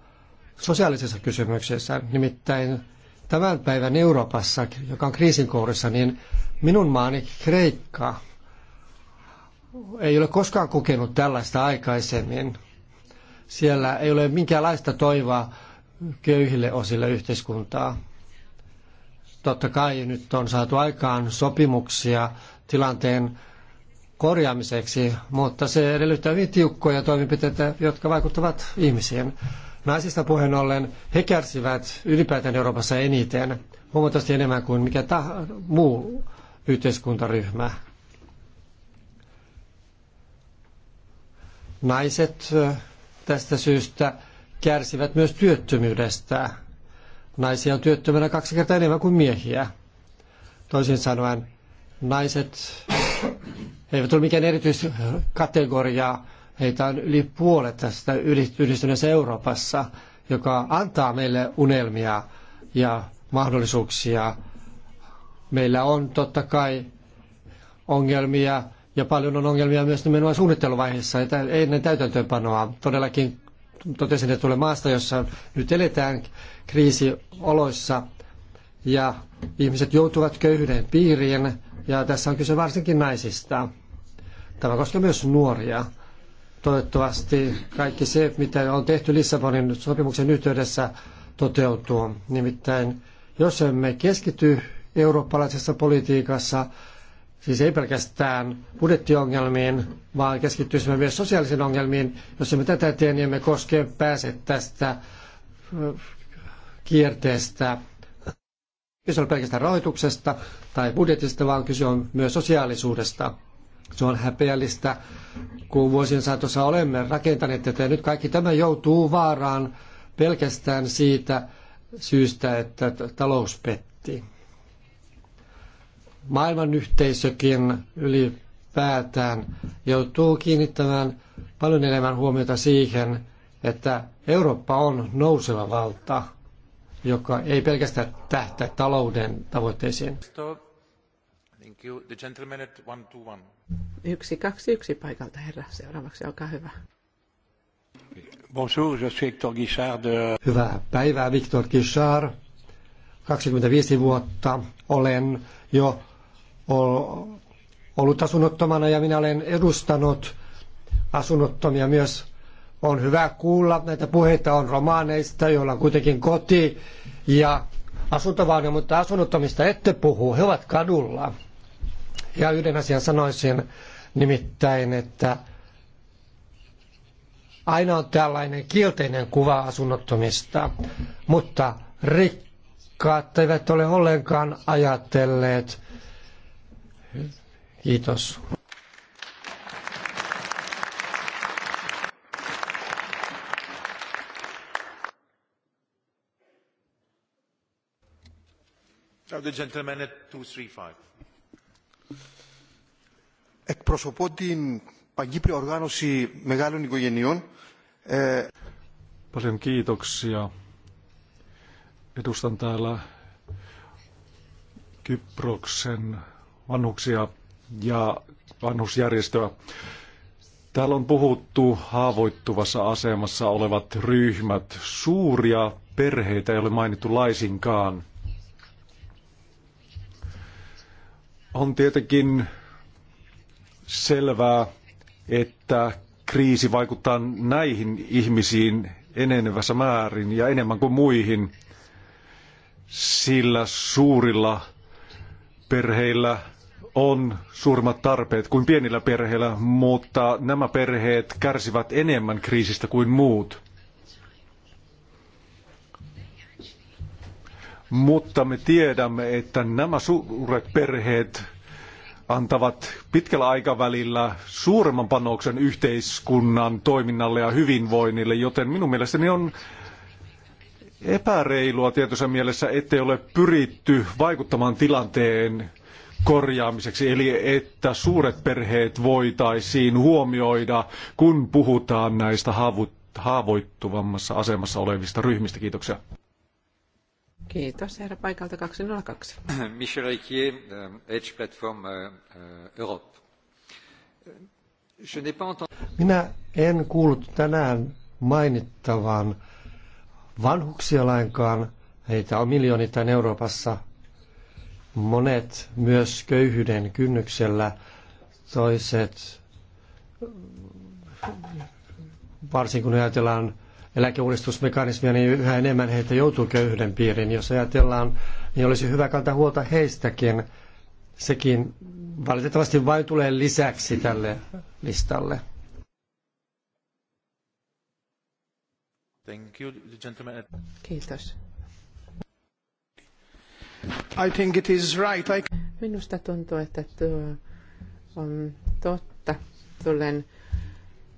sosiaalisessa kysymyksessä. Nimittäin tämän päivän Euroopassa, joka on kriisin kourissa, niin minun maani Kreikka ei ole koskaan kokenut tällaista aikaisemmin. Siellä ei ole minkäänlaista toivoa köyhille osille yhteiskuntaa. Totta kai nyt on saatu aikaan sopimuksia tilanteen korjaamiseksi, mutta se edellyttää hyvin tiukkoja toimenpiteitä, jotka vaikuttavat ihmisiin. Naisista puheen ollen he kärsivät ylipäätään Euroopassa eniten, huomattavasti enemmän kuin mikä tah muu yhteiskuntaryhmä. Naiset tästä syystä kärsivät myös työttömyydestä. Naisia on työttömänä kaksi kertaa enemmän kuin miehiä. Toisin sanoen, naiset eivät ole mikään erityiskategoria Heitä on yli puolet tästä yhdistyneessä Euroopassa, joka antaa meille unelmia ja mahdollisuuksia. Meillä on totta kai ongelmia ja paljon on ongelmia myös nimenomaan suunnitteluvaiheessa ennen täytäntöönpanoa. Todellakin totesin, että tulee maasta, jossa nyt eletään kriisioloissa ja ihmiset joutuvat köyhyyden piiriin ja tässä on kyse varsinkin naisista. Tämä koskee myös nuoria toivottavasti kaikki se, mitä on tehty Lissabonin sopimuksen yhteydessä, toteutuu. Nimittäin jos emme keskity eurooppalaisessa politiikassa, siis ei pelkästään budjettiongelmiin, vaan keskittyisimme myös sosiaalisiin ongelmiin, jos emme tätä tee, niin emme koskaan pääse tästä kierteestä. Kyse on pelkästään rahoituksesta tai budjetista, vaan kyse on myös sosiaalisuudesta. Se on häpeällistä, kun vuosien saatossa olemme rakentaneet tätä. Ja nyt kaikki tämä joutuu vaaraan pelkästään siitä syystä, että talous petti. Maailman yhteisökin ylipäätään joutuu kiinnittämään paljon enemmän huomiota siihen, että Eurooppa on nouseva valta, joka ei pelkästään tähtää talouden tavoitteisiin. Thank you. The gentleman at one one. Yksi, kaksi, yksi paikalta, herra. Seuraavaksi, olkaa hyvä. Bonjour, je suis Victor Guichard. De... Hyvää päivää, Victor Guichard. 25 vuotta olen jo ollut asunnottomana ja minä olen edustanut asunnottomia myös. On hyvä kuulla, näitä puheita on romaaneista, joilla on kuitenkin koti ja asuntovaunio, mutta asunnottomista ette puhu, he ovat kadulla. Ja yhden asian sanoisin nimittäin, että aina on tällainen kielteinen kuva asunnottomista, mutta rikkaat eivät ole ollenkaan ajatelleet. Kiitos. Now the gentleman at 235. Εκπροσωπώ την Παγκύπρια Οργάνωση Μεγάλων Οικογενειών. Paljon kiitoksia. Edustan täällä Kyproksen vanhuksia ja vanhusjärjestöä. Täällä on puhuttu haavoittuvassa asemassa olevat ryhmät. Suuria perheitä ei ole mainittu laisinkaan. On tietenkin selvää, että kriisi vaikuttaa näihin ihmisiin enenevässä määrin ja enemmän kuin muihin, sillä suurilla perheillä on suurimmat tarpeet kuin pienillä perheillä, mutta nämä perheet kärsivät enemmän kriisistä kuin muut. mutta me tiedämme, että nämä suuret perheet antavat pitkällä aikavälillä suuremman panoksen yhteiskunnan toiminnalle ja hyvinvoinnille, joten minun mielestäni on epäreilua tietyssä mielessä, ettei ole pyritty vaikuttamaan tilanteen korjaamiseksi, eli että suuret perheet voitaisiin huomioida, kun puhutaan näistä haavoittuvammassa asemassa olevista ryhmistä. Kiitoksia. Kiitos, herra paikalta 202. (coughs) Michel Riquier, eh, Edge Platform eh, eh, Europe. Minä en kuullut tänään mainittavan vanhuksia lainkaan. Heitä on miljoonittain Euroopassa. Monet myös köyhyyden kynnyksellä, toiset varsinkin kun ajatellaan eläkeuudistusmekanismia, niin yhä enemmän heitä joutuu köyhyyden piiriin. Jos ajatellaan, niin olisi hyvä kantaa huolta heistäkin. Sekin valitettavasti vain tulee lisäksi tälle listalle. Thank you, gentlemen. Kiitos. I think it is right. I... Minusta tuntuu, että tuo on totta. Tulen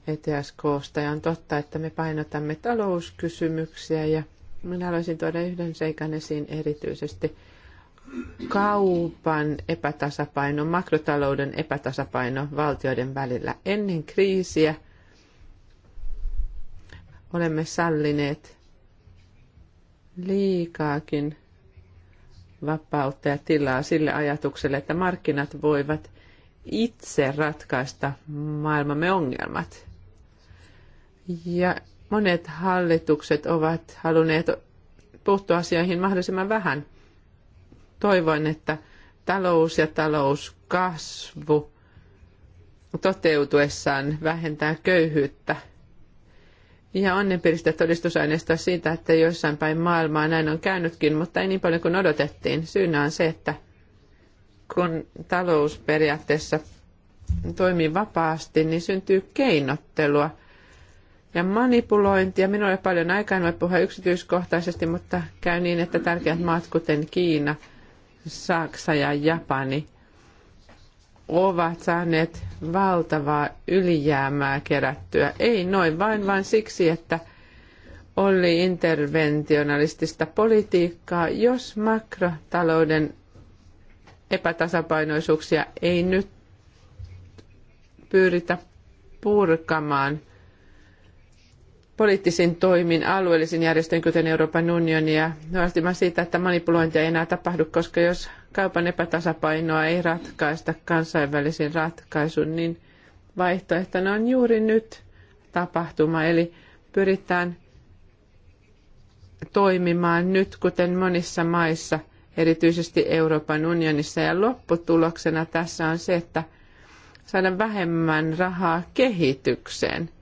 ETSKsta ja on totta, että me painotamme talouskysymyksiä ja minä haluaisin tuoda yhden seikan esiin erityisesti kaupan epätasapaino, makrotalouden epätasapaino valtioiden välillä. Ennen kriisiä olemme sallineet liikaakin vapautta ja tilaa sille ajatukselle, että markkinat voivat itse ratkaista maailmamme ongelmat. Ja monet hallitukset ovat halunneet puuttua asioihin mahdollisimman vähän. Toivoin, että talous ja talouskasvu toteutuessaan vähentää köyhyyttä. Ja onnenpiristä todistusaineistoa siitä, että jossain päin maailmaa näin on käynytkin, mutta ei niin paljon kuin odotettiin. Syynä on se, että kun talous periaatteessa toimii vapaasti, niin syntyy keinottelua – ja manipulointia. Minulla ei paljon aikaa, en voi puhua yksityiskohtaisesti, mutta käy niin, että tärkeät maat kuten Kiina, Saksa ja Japani ovat saaneet valtavaa ylijäämää kerättyä. Ei noin vain, vain siksi, että oli interventionalistista politiikkaa, jos makrotalouden epätasapainoisuuksia ei nyt pyritä purkamaan – poliittisin toimin, alueellisin järjestöin, kuten Euroopan ja huolehtimaan siitä, että manipulointia ei enää tapahdu, koska jos kaupan epätasapainoa ei ratkaista kansainvälisin ratkaisun, niin vaihtoehtona on juuri nyt tapahtuma. Eli pyritään toimimaan nyt, kuten monissa maissa, erityisesti Euroopan unionissa. Ja lopputuloksena tässä on se, että saadaan vähemmän rahaa kehitykseen –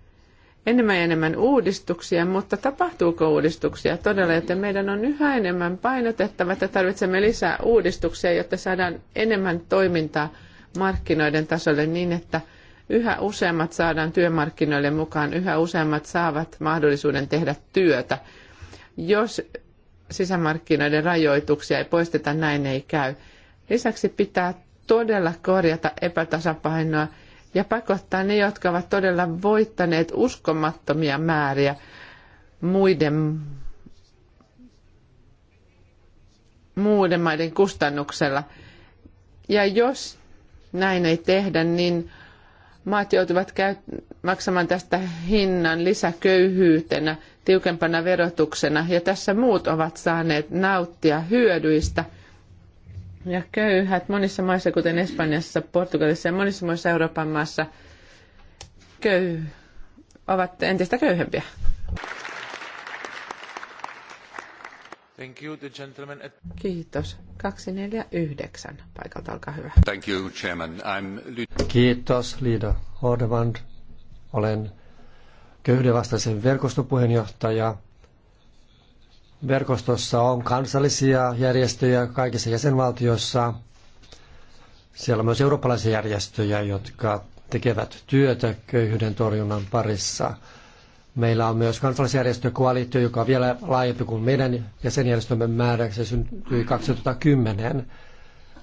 enemmän ja enemmän uudistuksia, mutta tapahtuuko uudistuksia todella, että meidän on yhä enemmän painotettava, että tarvitsemme lisää uudistuksia, jotta saadaan enemmän toimintaa markkinoiden tasolle niin, että yhä useammat saadaan työmarkkinoille mukaan, yhä useammat saavat mahdollisuuden tehdä työtä. Jos sisämarkkinoiden rajoituksia ei poisteta, näin ei käy. Lisäksi pitää todella korjata epätasapainoa ja pakottaa ne, jotka ovat todella voittaneet uskomattomia määriä muiden muiden maiden kustannuksella. Ja jos näin ei tehdä, niin maat joutuvat maksamaan tästä hinnan lisäköyhyytenä, tiukempana verotuksena, ja tässä muut ovat saaneet nauttia hyödyistä – ja köyhät monissa maissa, kuten Espanjassa, Portugalissa ja monissa muissa Euroopan maissa, köy, ovat entistä köyhempiä. Thank you, the gentleman at... Kiitos. 249 paikalta, olkaa hyvä. Thank you, Chairman. I'm... Kiitos, Liida Hordevand. Olen köyhdenvastaisen verkostopuheenjohtaja. Verkostossa on kansallisia järjestöjä kaikissa jäsenvaltioissa. Siellä on myös eurooppalaisia järjestöjä, jotka tekevät työtä köyhyyden torjunnan parissa. Meillä on myös kansalaisjärjestökoalitio, joka on vielä laajempi kuin meidän jäsenjärjestömme määrä. Se syntyi 2010.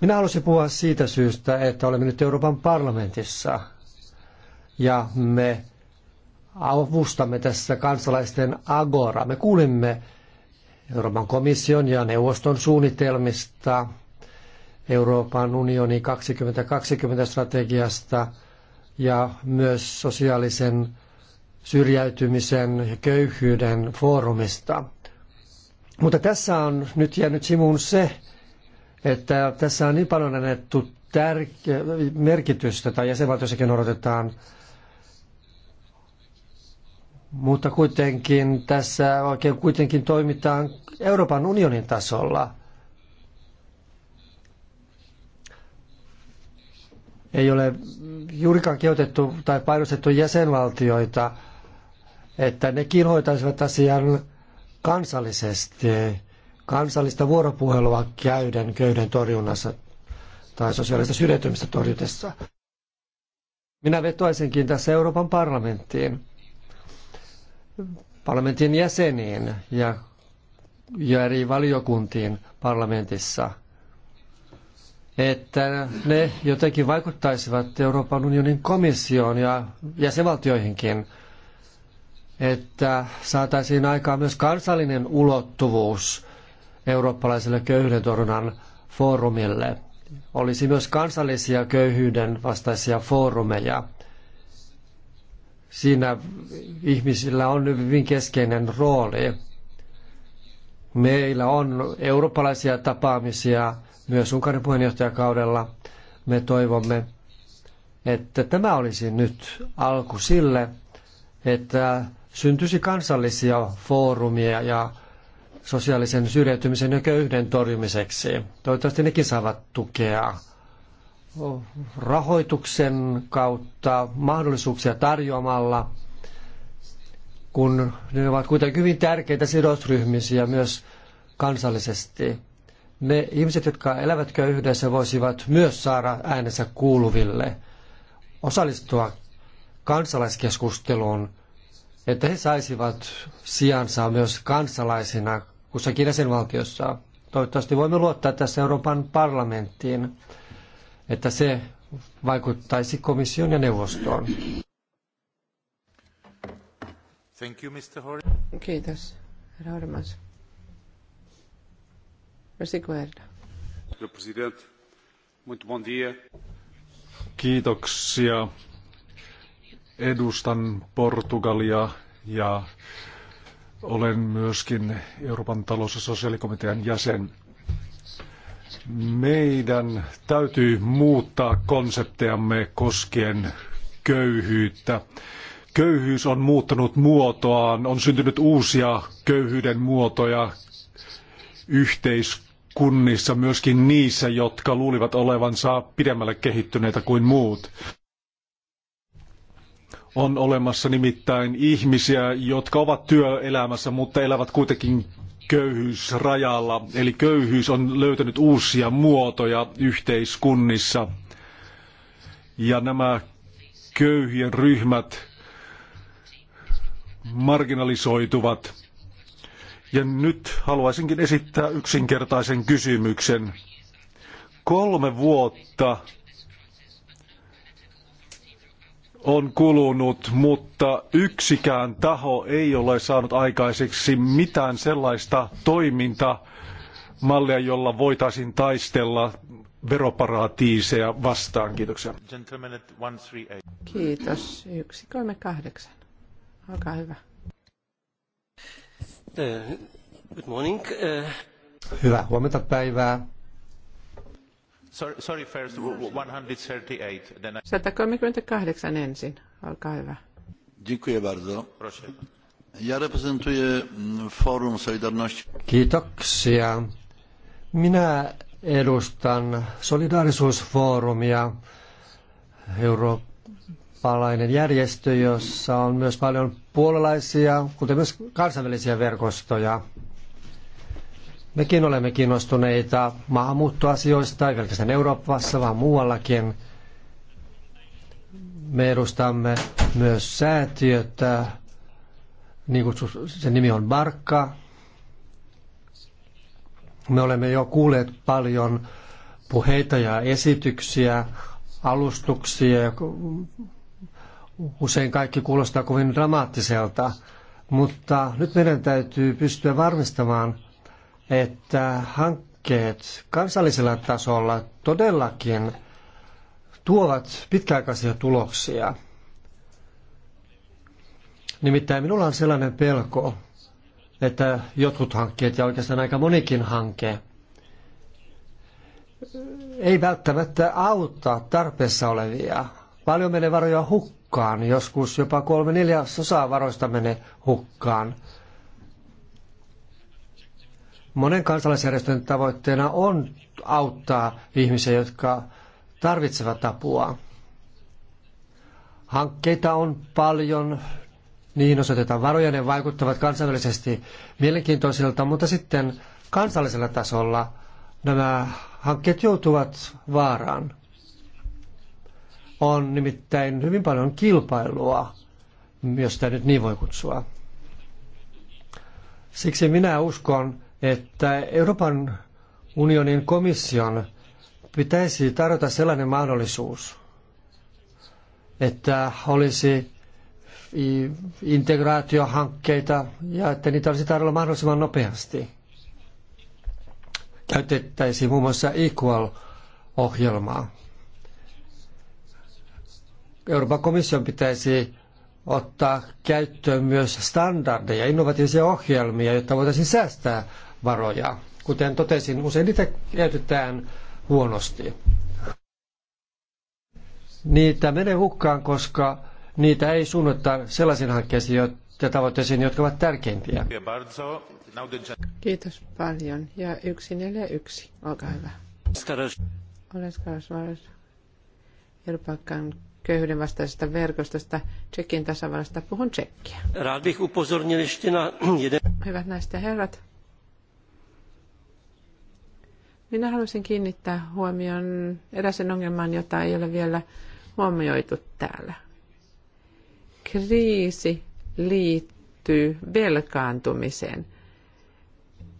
Minä halusin puhua siitä syystä, että olemme nyt Euroopan parlamentissa ja me avustamme tässä kansalaisten agoraa. Me kuulimme Euroopan komission ja neuvoston suunnitelmista, Euroopan unionin 2020-strategiasta ja myös sosiaalisen syrjäytymisen ja köyhyyden foorumista. Mutta tässä on nyt jäänyt sivuun se, että tässä on niin paljon annettu tärke- merkitystä, tai jäsenvaltioissakin odotetaan mutta kuitenkin tässä oikein kuitenkin toimitaan Euroopan unionin tasolla. Ei ole juurikaan kehotettu tai painostettu jäsenvaltioita, että nekin hoitaisivat asian kansallisesti, kansallista vuoropuhelua käyden köyden torjunnassa tai sosiaalista syrjäytymistä torjutessa. Minä vetoaisinkin tässä Euroopan parlamenttiin parlamentin jäseniin ja, ja eri valiokuntiin parlamentissa, että ne jotenkin vaikuttaisivat Euroopan unionin komissioon ja jäsenvaltioihinkin, että saataisiin aikaan myös kansallinen ulottuvuus eurooppalaiselle köyhyydentorjunnan foorumille. Olisi myös kansallisia köyhyyden vastaisia foorumeja – Siinä ihmisillä on hyvin keskeinen rooli. Meillä on eurooppalaisia tapaamisia myös Unkarin puheenjohtajakaudella. Me toivomme, että tämä olisi nyt alku sille, että syntyisi kansallisia foorumia ja sosiaalisen syrjäytymisen ja köyhden torjumiseksi. Toivottavasti nekin saavat tukea rahoituksen kautta mahdollisuuksia tarjoamalla, kun ne ovat kuitenkin hyvin tärkeitä sidosryhmisiä myös kansallisesti. Ne ihmiset, jotka elävät köyhyydessä, voisivat myös saada äänensä kuuluville, osallistua kansalaiskeskusteluun, että he saisivat sijansa myös kansalaisina kussakin jäsenvaltiossa. Toivottavasti voimme luottaa tässä Euroopan parlamenttiin että se vaikuttaisi komission ja neuvostoon. Thank you, Mr. Hor- Kiitos, herra Hormas. Kiitoksia. Edustan Portugalia ja olen myöskin Euroopan talous- ja sosiaalikomitean jäsen. Meidän täytyy muuttaa konseptejamme koskien köyhyyttä. Köyhyys on muuttanut muotoaan, on syntynyt uusia köyhyyden muotoja yhteiskunnissa, myöskin niissä, jotka luulivat olevansa pidemmälle kehittyneitä kuin muut. On olemassa nimittäin ihmisiä, jotka ovat työelämässä, mutta elävät kuitenkin köyhyysrajalla. Eli köyhyys on löytänyt uusia muotoja yhteiskunnissa. Ja nämä köyhien ryhmät marginalisoituvat. Ja nyt haluaisinkin esittää yksinkertaisen kysymyksen. Kolme vuotta on kulunut, mutta yksikään taho ei ole saanut aikaiseksi mitään sellaista toimintamallia, jolla voitaisiin taistella veroparatiiseja vastaan. Kiitoksia. Kiitos. 138. Olkaa hyvä. Eh, good morning. Eh. Hyvää huomenta päivää. Sorry, first, 138. 138 ensin, olkaa hyvä. Dziękuję bardzo. Proszę. Ja reprezentuję mm, Forum Solidarności. Kiitoksia. Minä edustan solidaarisuusfoorumia, eurooppalainen järjestö, jossa on myös paljon puolalaisia, kuten myös kansainvälisiä verkostoja. Mekin olemme kiinnostuneita maahanmuuttoasioista, ei pelkästään Euroopassa, vaan muuallakin. Me edustamme myös säätiötä, niin kutsu, sen nimi on Barkka. Me olemme jo kuulleet paljon puheita ja esityksiä, alustuksia. Usein kaikki kuulostaa kovin dramaattiselta, mutta nyt meidän täytyy pystyä varmistamaan – että hankkeet kansallisella tasolla todellakin tuovat pitkäaikaisia tuloksia. Nimittäin minulla on sellainen pelko, että jotkut hankkeet ja oikeastaan aika monikin hanke ei välttämättä auta tarpeessa olevia. Paljon menee varoja hukkaan, joskus jopa kolme neljäsosaa varoista menee hukkaan – Monen kansalaisjärjestön tavoitteena on auttaa ihmisiä, jotka tarvitsevat apua. Hankkeita on paljon, niihin osoitetaan varoja, ne vaikuttavat kansainvälisesti mielenkiintoisilta, mutta sitten kansallisella tasolla nämä hankkeet joutuvat vaaraan. On nimittäin hyvin paljon kilpailua, jos sitä nyt niin voi kutsua. Siksi minä uskon, että Euroopan unionin komission pitäisi tarjota sellainen mahdollisuus, että olisi integraatiohankkeita ja että niitä olisi tarjolla mahdollisimman nopeasti. Käytettäisiin muun muassa Equal-ohjelmaa. Euroopan komission pitäisi ottaa käyttöön myös standardeja, innovatiivisia ohjelmia, jotta voitaisiin säästää varoja. Kuten totesin, usein niitä käytetään huonosti. Niitä menee hukkaan, koska niitä ei suunnata sellaisiin hankkeisiin ja tavoitteisiin, jotka ovat tärkeimpiä. Kiitos paljon. Ja 141, olkaa hyvä. Olen Skaras Irpakan köyhyyden vastaisesta verkostosta Tsekin tasavallasta. Puhun tsekkiä. Hyvät naiset ja herrat, Minä niin haluaisin kiinnittää huomion eräisen ongelman, jota ei ole vielä huomioitu täällä. Kriisi liittyy velkaantumiseen.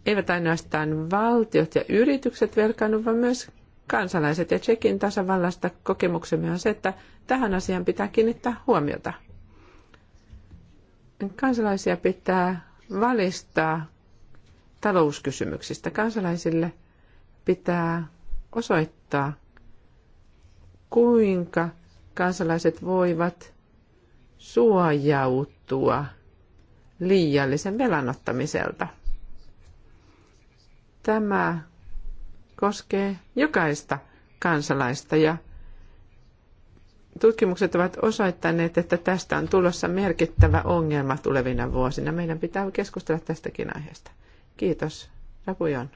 Eivät ainoastaan valtiot ja yritykset velkaannu, vaan myös kansalaiset. Ja Tsekin tasavallasta kokemuksemme on se, että tähän asiaan pitää kiinnittää huomiota. Kansalaisia pitää valistaa talouskysymyksistä. Kansalaisille – pitää osoittaa, kuinka kansalaiset voivat suojautua liiallisen velanottamiselta. Tämä koskee jokaista kansalaista ja tutkimukset ovat osoittaneet, että tästä on tulossa merkittävä ongelma tulevina vuosina. Meidän pitää keskustella tästäkin aiheesta. Kiitos. Rapujon.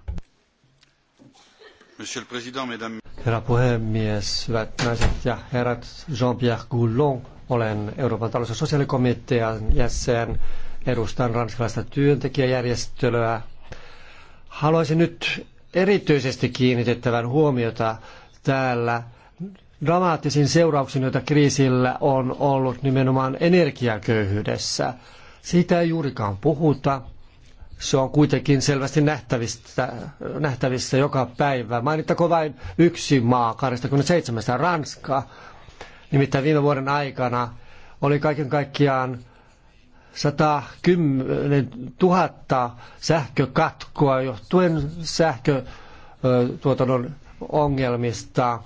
Herra puhemies, hyvät naiset ja herrat, Jean-Pierre Goulon, olen Euroopan talous- ja sosiaalikomitean jäsen, edustan ranskalaista työntekijäjärjestelyä. Haluaisin nyt erityisesti kiinnitettävän huomiota täällä dramaattisin seurauksin, joita kriisillä on ollut nimenomaan energiaköyhyydessä. Siitä ei juurikaan puhuta se on kuitenkin selvästi nähtävissä, nähtävissä joka päivä. Mainittako vain yksi maa 27, Ranska. Nimittäin viime vuoden aikana oli kaiken kaikkiaan 110 000 sähkökatkoa johtuen sähkötuotannon ongelmista.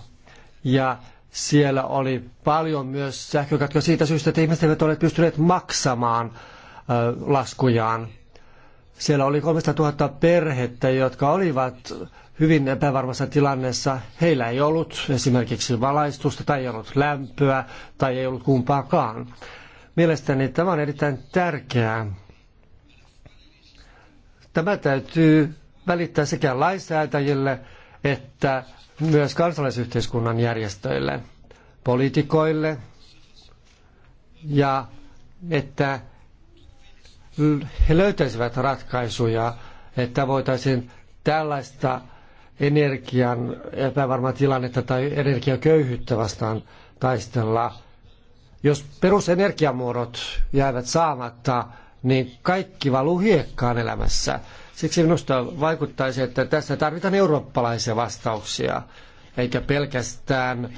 Ja siellä oli paljon myös sähkökatkoja siitä syystä, että ihmiset eivät ole pystyneet maksamaan laskujaan. Siellä oli 300 000 perhettä, jotka olivat hyvin epävarmassa tilanteessa. Heillä ei ollut esimerkiksi valaistusta tai ei ollut lämpöä tai ei ollut kumpaakaan. Mielestäni tämä on erittäin tärkeää. Tämä täytyy välittää sekä lainsäätäjille että myös kansalaisyhteiskunnan järjestöille, poliitikoille ja että he löytäisivät ratkaisuja, että voitaisiin tällaista energian epävarmaa tilannetta tai energiaköyhyyttä vastaan taistella. Jos perusenergiamuodot jäävät saamatta, niin kaikki valuu hiekkaan elämässä. Siksi minusta vaikuttaisi, että tässä tarvitaan eurooppalaisia vastauksia, eikä pelkästään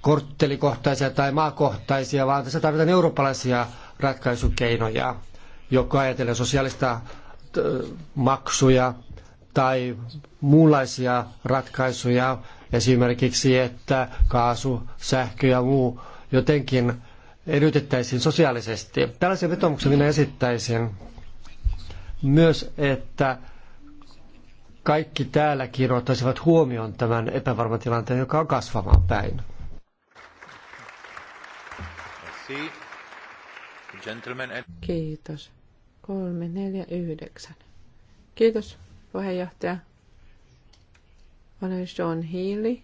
korttelikohtaisia tai maakohtaisia, vaan tässä tarvitaan eurooppalaisia ratkaisukeinoja joka ajatellen sosiaalista äh, maksuja tai muunlaisia ratkaisuja, esimerkiksi että kaasu, sähkö ja muu jotenkin edytettäisiin sosiaalisesti. Tällaisen vetomuksen minä esittäisin myös, että kaikki täälläkin ottaisivat huomioon tämän epävarman tilanteen, joka on kasvamaan päin. Kiitos. Kolme, neljä, yhdeksän. Kiitos, puheenjohtaja. Olen John Healy,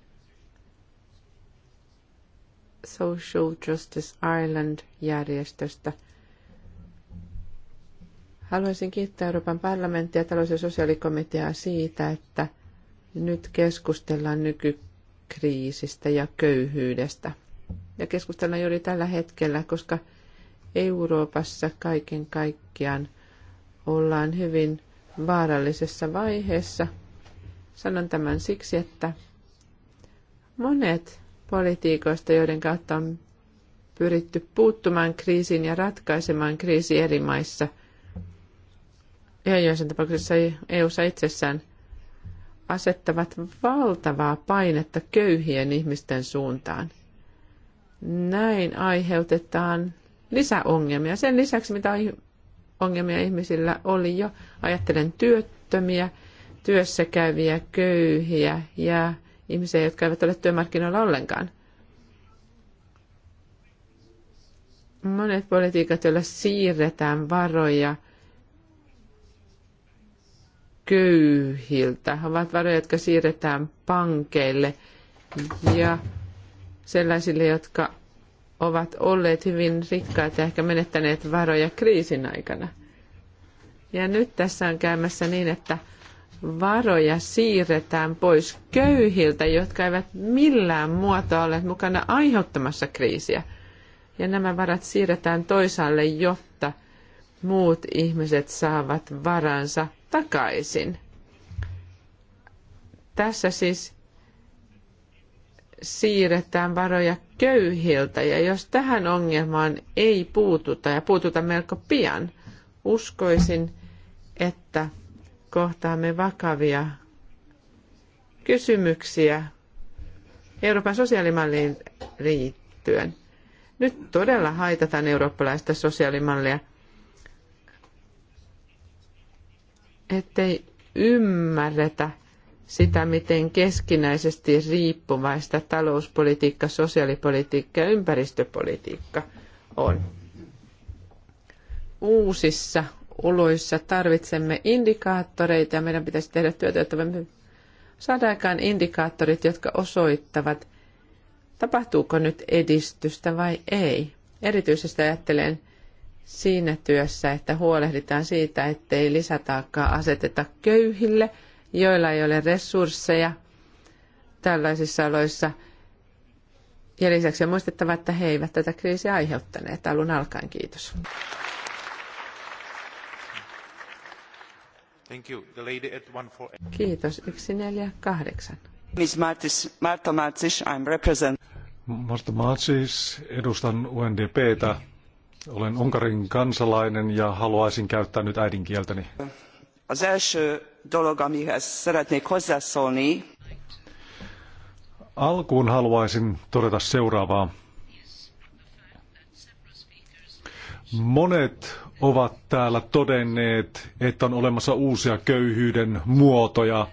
Social Justice Ireland-järjestöstä. Haluaisin kiittää Euroopan parlamenttia ja talous- ja sosiaalikomiteaa siitä, että nyt keskustellaan nykykriisistä ja köyhyydestä. Ja keskustellaan juuri tällä hetkellä, koska Euroopassa kaiken kaikkiaan ollaan hyvin vaarallisessa vaiheessa. Sanon tämän siksi, että monet politiikoista, joiden kautta on pyritty puuttumaan kriisiin ja ratkaisemaan kriisi eri maissa, ja joissain tapauksessa eu itsessään, asettavat valtavaa painetta köyhien ihmisten suuntaan. Näin aiheutetaan lisäongelmia sen lisäksi, mitä ongelmia ihmisillä oli jo. Ajattelen työttömiä, työssä käyviä, köyhiä ja ihmisiä, jotka eivät ole työmarkkinoilla ollenkaan. Monet politiikat, joilla siirretään varoja köyhiltä, ovat varoja, jotka siirretään pankeille ja sellaisille, jotka ovat olleet hyvin rikkaat ja ehkä menettäneet varoja kriisin aikana. Ja nyt tässä on käymässä niin, että varoja siirretään pois köyhiltä, jotka eivät millään muotoa ole mukana aiheuttamassa kriisiä. Ja nämä varat siirretään toisaalle, jotta muut ihmiset saavat varansa takaisin. Tässä siis siirretään varoja köyhiltä ja jos tähän ongelmaan ei puututa ja puututa melko pian, uskoisin, että kohtaamme vakavia kysymyksiä Euroopan sosiaalimalliin liittyen. Nyt todella haitataan eurooppalaista sosiaalimallia, ettei ymmärretä – sitä, miten keskinäisesti riippuvaista talouspolitiikka, sosiaalipolitiikka ja ympäristöpolitiikka on. Uusissa oloissa tarvitsemme indikaattoreita ja meidän pitäisi tehdä työtä, jotta me saadaan aikaan indikaattorit, jotka osoittavat, tapahtuuko nyt edistystä vai ei. Erityisesti ajattelen siinä työssä, että huolehditaan siitä, ettei lisätaakkaa aseteta köyhille – joilla ei ole resursseja tällaisissa oloissa. Ja lisäksi on muistettava, että he eivät tätä kriisiä aiheuttaneet alun alkaen. Kiitos. Thank you. The lady at Kiitos. 148. Marta I'm edustan UNDPtä. Olen Unkarin kansalainen ja haluaisin käyttää nyt äidinkieltäni az első dolog, amihez szeretnék hozzászólni. Alkuun haluaisin todeta seuraavaa. Monet ovat täällä todenneet, että on olemassa uusia köyhyyden muotoja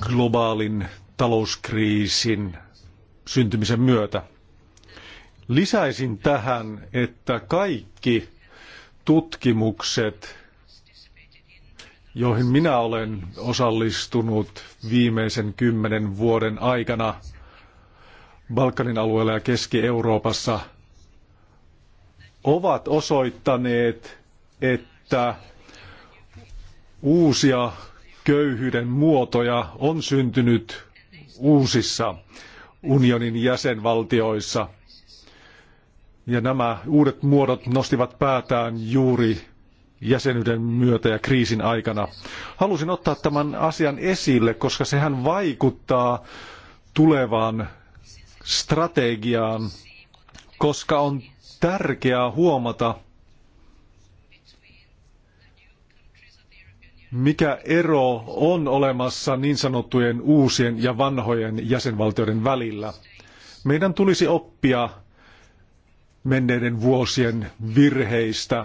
globaalin talouskriisin syntymisen myötä. Lisäisin tähän, että kaikki tutkimukset, joihin minä olen osallistunut viimeisen kymmenen vuoden aikana Balkanin alueella ja Keski-Euroopassa, ovat osoittaneet, että uusia köyhyyden muotoja on syntynyt uusissa unionin jäsenvaltioissa – ja nämä uudet muodot nostivat päätään juuri jäsenyyden myötä ja kriisin aikana. Halusin ottaa tämän asian esille, koska sehän vaikuttaa tulevaan strategiaan, koska on tärkeää huomata, mikä ero on olemassa niin sanottujen uusien ja vanhojen jäsenvaltioiden välillä. Meidän tulisi oppia menneiden vuosien virheistä.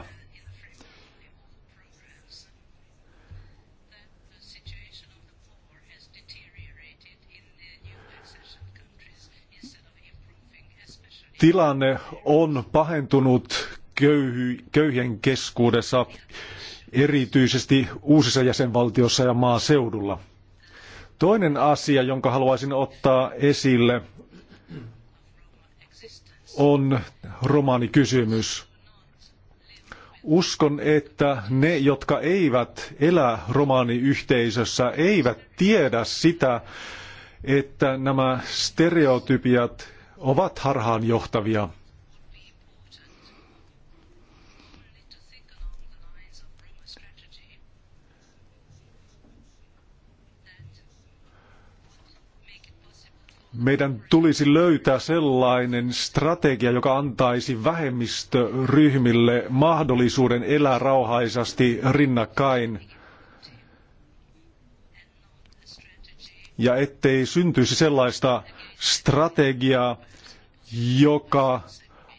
Tilanne on pahentunut köyhy, köyhien keskuudessa, erityisesti uusissa jäsenvaltioissa ja maaseudulla. Toinen asia, jonka haluaisin ottaa esille, on kysymys Uskon, että ne, jotka eivät elä romaaniyhteisössä, eivät tiedä sitä, että nämä stereotypiat ovat harhaanjohtavia. johtavia. meidän tulisi löytää sellainen strategia, joka antaisi vähemmistöryhmille mahdollisuuden elää rauhaisasti rinnakkain. Ja ettei syntyisi sellaista strategiaa, joka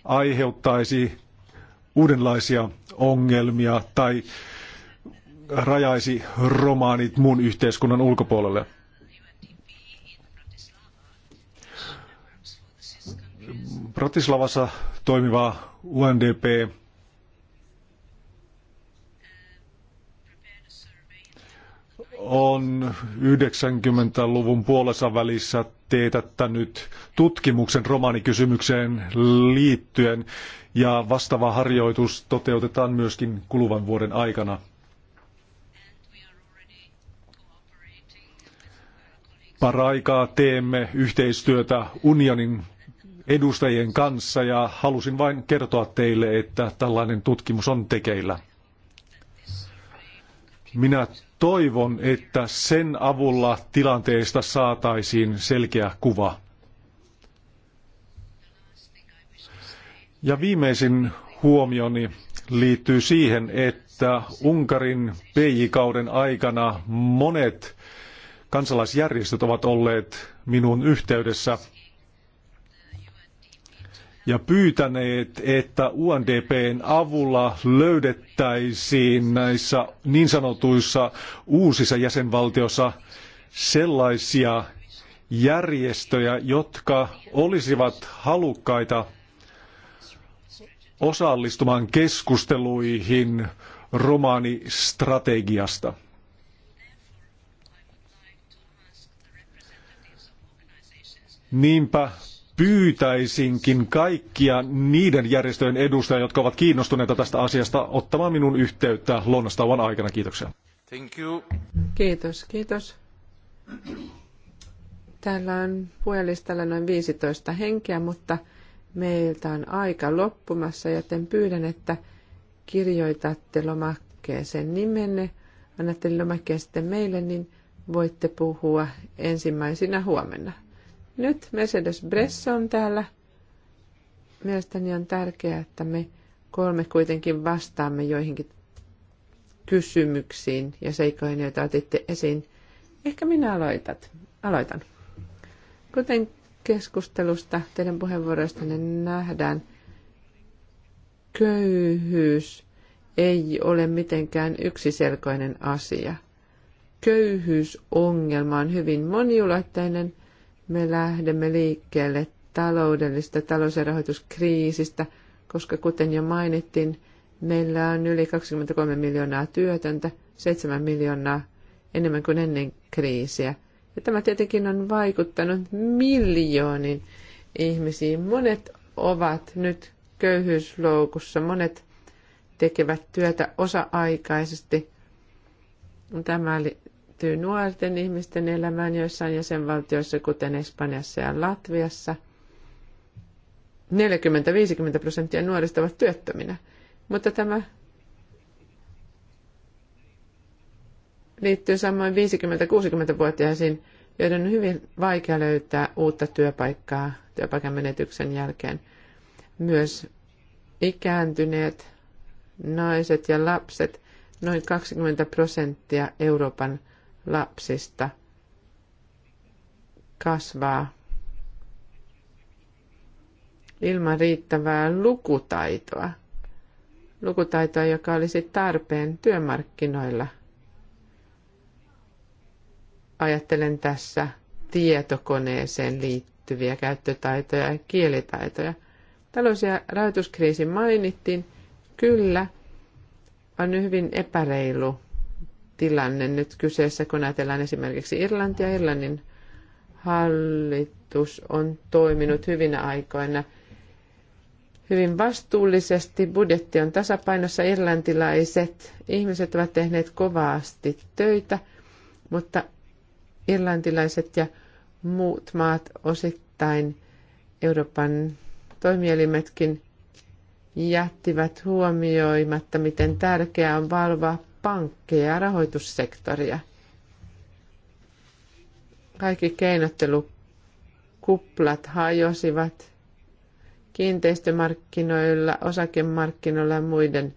aiheuttaisi uudenlaisia ongelmia tai rajaisi romaanit muun yhteiskunnan ulkopuolelle. Bratislavassa toimiva UNDP on 90-luvun puolessa välissä teetättänyt tutkimuksen romanikysymykseen liittyen ja vastaava harjoitus toteutetaan myöskin kuluvan vuoden aikana. Paraikaa teemme yhteistyötä unionin edustajien kanssa ja halusin vain kertoa teille, että tällainen tutkimus on tekeillä. Minä toivon, että sen avulla tilanteesta saataisiin selkeä kuva. Ja viimeisin huomioni liittyy siihen, että Unkarin PJ-kauden aikana monet kansalaisjärjestöt ovat olleet minun yhteydessä – ja pyytäneet, että UNDPn avulla löydettäisiin näissä niin sanotuissa uusissa jäsenvaltioissa sellaisia järjestöjä, jotka olisivat halukkaita osallistumaan keskusteluihin romanistrategiasta. Niinpä pyytäisinkin kaikkia niiden järjestöjen edustajia, jotka ovat kiinnostuneita tästä asiasta, ottamaan minun yhteyttä lounastauon aikana. Kiitoksia. Thank you. Kiitos, kiitos. Täällä on puhelistalla noin 15 henkeä, mutta meiltä on aika loppumassa, joten pyydän, että kirjoitatte lomakkeeseen nimenne, annatte lomakkeen sitten meille, niin voitte puhua ensimmäisenä huomenna. Nyt Mercedes Bresso on täällä. Mielestäni on tärkeää, että me kolme kuitenkin vastaamme joihinkin kysymyksiin ja seikoihin, joita otitte esiin. Ehkä minä aloitat. aloitan. Kuten keskustelusta teidän puheenvuoroistanne nähdään, köyhyys ei ole mitenkään yksiselkoinen asia. Köyhyysongelma on hyvin moniulotteinen me lähdemme liikkeelle taloudellista talous- ja rahoituskriisistä, koska kuten jo mainittiin, meillä on yli 23 miljoonaa työtöntä, 7 miljoonaa enemmän kuin ennen kriisiä. Ja tämä tietenkin on vaikuttanut miljoonin ihmisiin. Monet ovat nyt köyhyysloukussa, monet tekevät työtä osa-aikaisesti. Tämä liittyy nuorten ihmisten elämään joissain jäsenvaltioissa, kuten Espanjassa ja Latviassa. 40-50 prosenttia nuorista ovat työttöminä, mutta tämä liittyy samoin 50-60-vuotiaisiin, joiden on hyvin vaikea löytää uutta työpaikkaa työpaikan menetyksen jälkeen. Myös ikääntyneet naiset ja lapset, noin 20 prosenttia Euroopan lapsista kasvaa ilman riittävää lukutaitoa. Lukutaitoa, joka olisi tarpeen työmarkkinoilla. Ajattelen tässä tietokoneeseen liittyviä käyttötaitoja ja kielitaitoja. Talous- ja rahoituskriisi mainittiin. Kyllä, on hyvin epäreilu tilanne nyt kyseessä, kun ajatellaan esimerkiksi Irlantia. Irlannin hallitus on toiminut hyvinä aikoina hyvin vastuullisesti. Budjetti on tasapainossa. Irlantilaiset ihmiset ovat tehneet kovasti töitä, mutta irlantilaiset ja muut maat osittain Euroopan toimielimetkin jättivät huomioimatta, miten tärkeää on valvoa pankkeja ja rahoitussektoria. Kaikki keinottelukuplat hajosivat kiinteistömarkkinoilla, osakemarkkinoilla ja muiden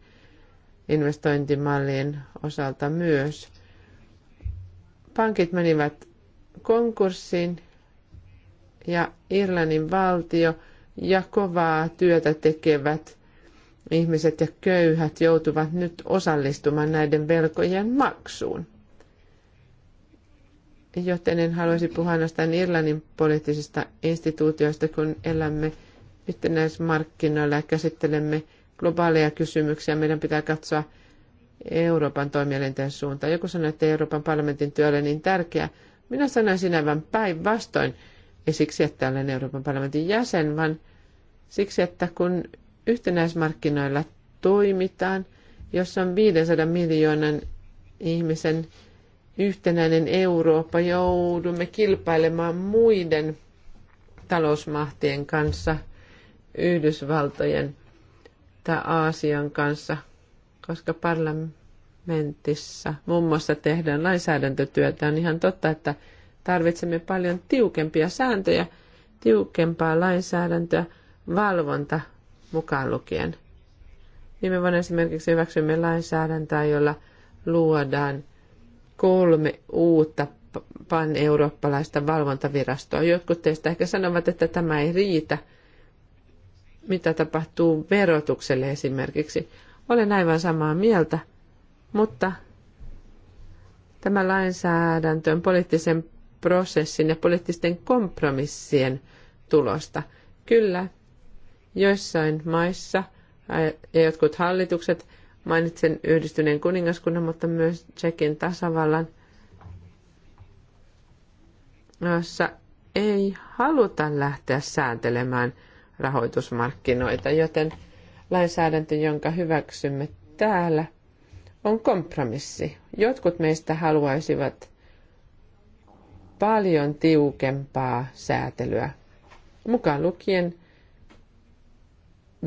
investointimallien osalta myös. Pankit menivät konkurssiin ja Irlannin valtio ja kovaa työtä tekevät ihmiset ja köyhät joutuvat nyt osallistumaan näiden velkojen maksuun. Joten en haluaisi puhua ainoastaan Irlannin poliittisista instituutioista, kun elämme yhtenäismarkkinoilla ja käsittelemme globaaleja kysymyksiä. Meidän pitää katsoa Euroopan toimielinten suuntaan. Joku sanoi, että Euroopan parlamentin työ ole niin tärkeä. Minä sanoisin aivan päinvastoin, ei siksi, että olen Euroopan parlamentin jäsen, vaan siksi, että kun yhtenäismarkkinoilla toimitaan, jossa on 500 miljoonan ihmisen yhtenäinen Eurooppa, joudumme kilpailemaan muiden talousmahtien kanssa, Yhdysvaltojen tai Aasian kanssa, koska parlamentissa muun muassa tehdään lainsäädäntötyötä. On ihan totta, että tarvitsemme paljon tiukempia sääntöjä, tiukempaa lainsäädäntöä, valvonta mukaan lukien. Viime vuonna esimerkiksi hyväksymme lainsäädäntöä, jolla luodaan kolme uutta pan-eurooppalaista valvontavirastoa. Jotkut teistä ehkä sanovat, että tämä ei riitä. Mitä tapahtuu verotukselle esimerkiksi? Olen aivan samaa mieltä, mutta tämä lainsäädäntö on poliittisen prosessin ja poliittisten kompromissien tulosta. Kyllä, Joissain maissa ja jotkut hallitukset, mainitsen yhdistyneen kuningaskunnan, mutta myös Tsekin tasavallan, jossa ei haluta lähteä sääntelemään rahoitusmarkkinoita, joten lainsäädäntö, jonka hyväksymme täällä, on kompromissi. Jotkut meistä haluaisivat paljon tiukempaa säätelyä, mukaan lukien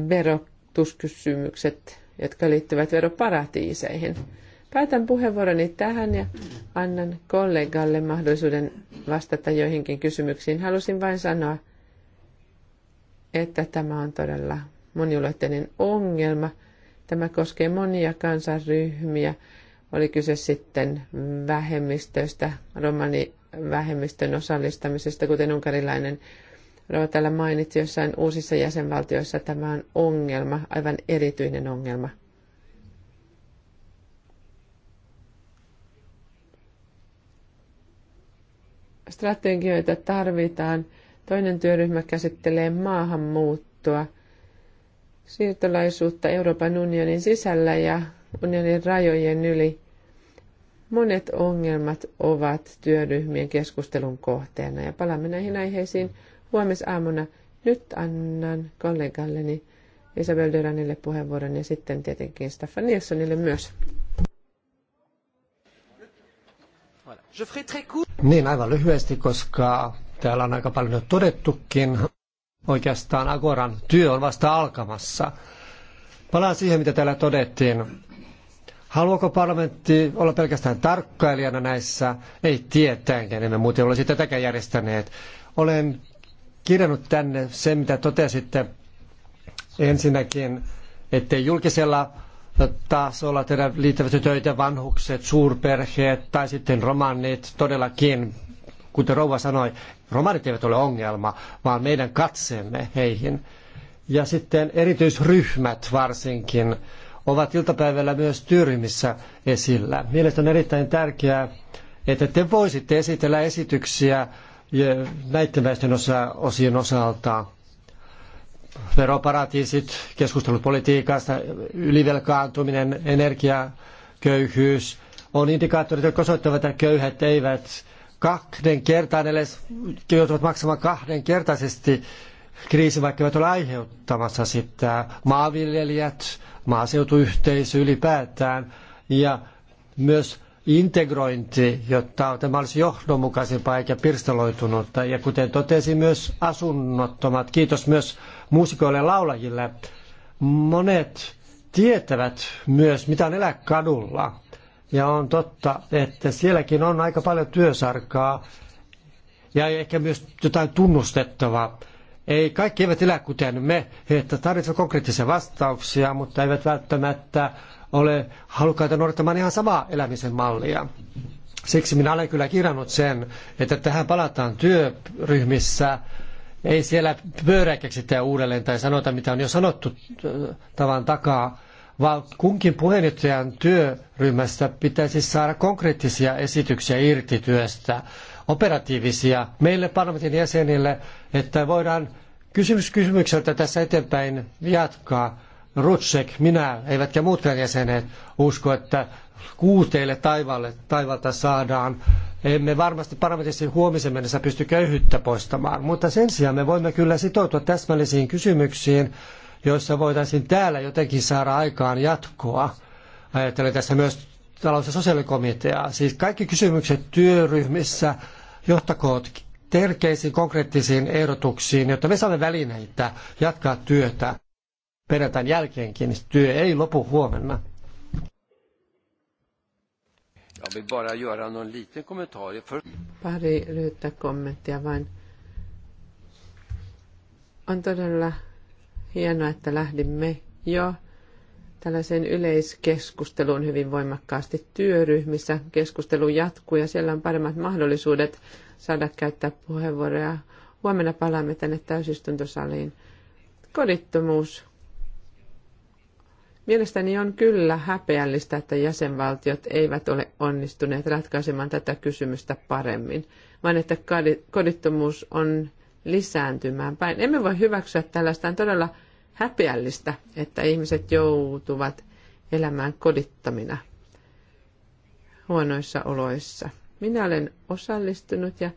verotuskysymykset, jotka liittyvät veroparatiiseihin. Päätän puheenvuoroni tähän ja annan kollegalle mahdollisuuden vastata joihinkin kysymyksiin. Halusin vain sanoa, että tämä on todella moniulotteinen ongelma. Tämä koskee monia kansanryhmiä. Oli kyse sitten vähemmistöistä, romani vähemmistön osallistamisesta, kuten unkarilainen Rova täällä mainitsi, jossain uusissa jäsenvaltioissa tämä on ongelma, aivan erityinen ongelma. Strategioita tarvitaan. Toinen työryhmä käsittelee maahanmuuttoa, siirtolaisuutta Euroopan unionin sisällä ja unionin rajojen yli. Monet ongelmat ovat työryhmien keskustelun kohteena ja palaamme näihin aiheisiin huomisaamuna. Nyt annan kollegalleni Isabel Duranille puheenvuoron ja sitten tietenkin Staffan Nilssonille myös. Niin, aivan lyhyesti, koska täällä on aika paljon todettukin. Oikeastaan Agoran työ on vasta alkamassa. Palaan siihen, mitä täällä todettiin. Haluaako parlamentti olla pelkästään tarkkailijana näissä? Ei tietenkään, emme muuten olisi tätäkään järjestäneet. Olen kirjannut tänne sen, mitä totesitte ensinnäkin, ettei julkisella tasolla tehdä liittävästi töitä vanhukset, suurperheet tai sitten romanit todellakin. Kuten rouva sanoi, romanit eivät ole ongelma, vaan meidän katseemme heihin. Ja sitten erityisryhmät varsinkin ovat iltapäivällä myös työryhmissä esillä. Mielestäni on erittäin tärkeää, että te voisitte esitellä esityksiä näiden väestön osa, osien osalta. Veroparatiisit, keskustelut politiikasta, ylivelkaantuminen, energiaköyhyys on indikaattorit, jotka osoittavat, että köyhät eivät kahden kertaan, edes joutuvat maksamaan kahdenkertaisesti kriisi, vaikka eivät ole aiheuttamassa sitä. Maanviljelijät, maaseutuyhteisö ylipäätään ja myös integrointi, jotta tämä olisi johdonmukaisempaa eikä pirstaloitunutta. Ja kuten totesi myös asunnottomat, kiitos myös muusikoille ja laulajille, monet tietävät myös, mitä on elää kadulla. Ja on totta, että sielläkin on aika paljon työsarkaa ja ehkä myös jotain tunnustettavaa. Ei, kaikki eivät elä kuten me, he tarvitsevat konkreettisia vastauksia, mutta eivät välttämättä ole halukkaita noudattamaan ihan samaa elämisen mallia. Siksi minä olen kyllä kirjannut sen, että tähän palataan työryhmissä. Ei siellä pyörää keksitä uudelleen tai sanota, mitä on jo sanottu äh, tavan takaa, vaan kunkin puheenjohtajan työryhmästä pitäisi saada konkreettisia esityksiä irti työstä, operatiivisia meille parlamentin jäsenille, että voidaan kysymys kysymykseltä tässä eteenpäin jatkaa Rutsek, minä, eivätkä muutkaan jäsenet usko, että kuuteille taivaalle, taivalta saadaan. Emme varmasti parlamentissa huomisen mennessä pysty köyhyyttä poistamaan, mutta sen sijaan me voimme kyllä sitoutua täsmällisiin kysymyksiin, joissa voitaisiin täällä jotenkin saada aikaan jatkoa. Ajattelen tässä myös talous- ja sosiaalikomiteaa. Siis kaikki kysymykset työryhmissä johtakoot tärkeisiin konkreettisiin ehdotuksiin, jotta me saamme välineitä jatkaa työtä perjantain jälkeenkin, niin työ ei lopu huomenna. Pari lyhyttä kommenttia vain. On todella hienoa, että lähdimme jo tällaiseen yleiskeskusteluun hyvin voimakkaasti työryhmissä. Keskustelu jatkuu ja siellä on paremmat mahdollisuudet saada käyttää puheenvuoroja. Huomenna palaamme tänne täysistuntosaliin. Kodittomuus Mielestäni on kyllä häpeällistä, että jäsenvaltiot eivät ole onnistuneet ratkaisemaan tätä kysymystä paremmin, vaan että kodittomuus on lisääntymään päin. Emme voi hyväksyä tällaista on todella häpeällistä, että ihmiset joutuvat elämään kodittamina huonoissa oloissa. Minä olen osallistunut ja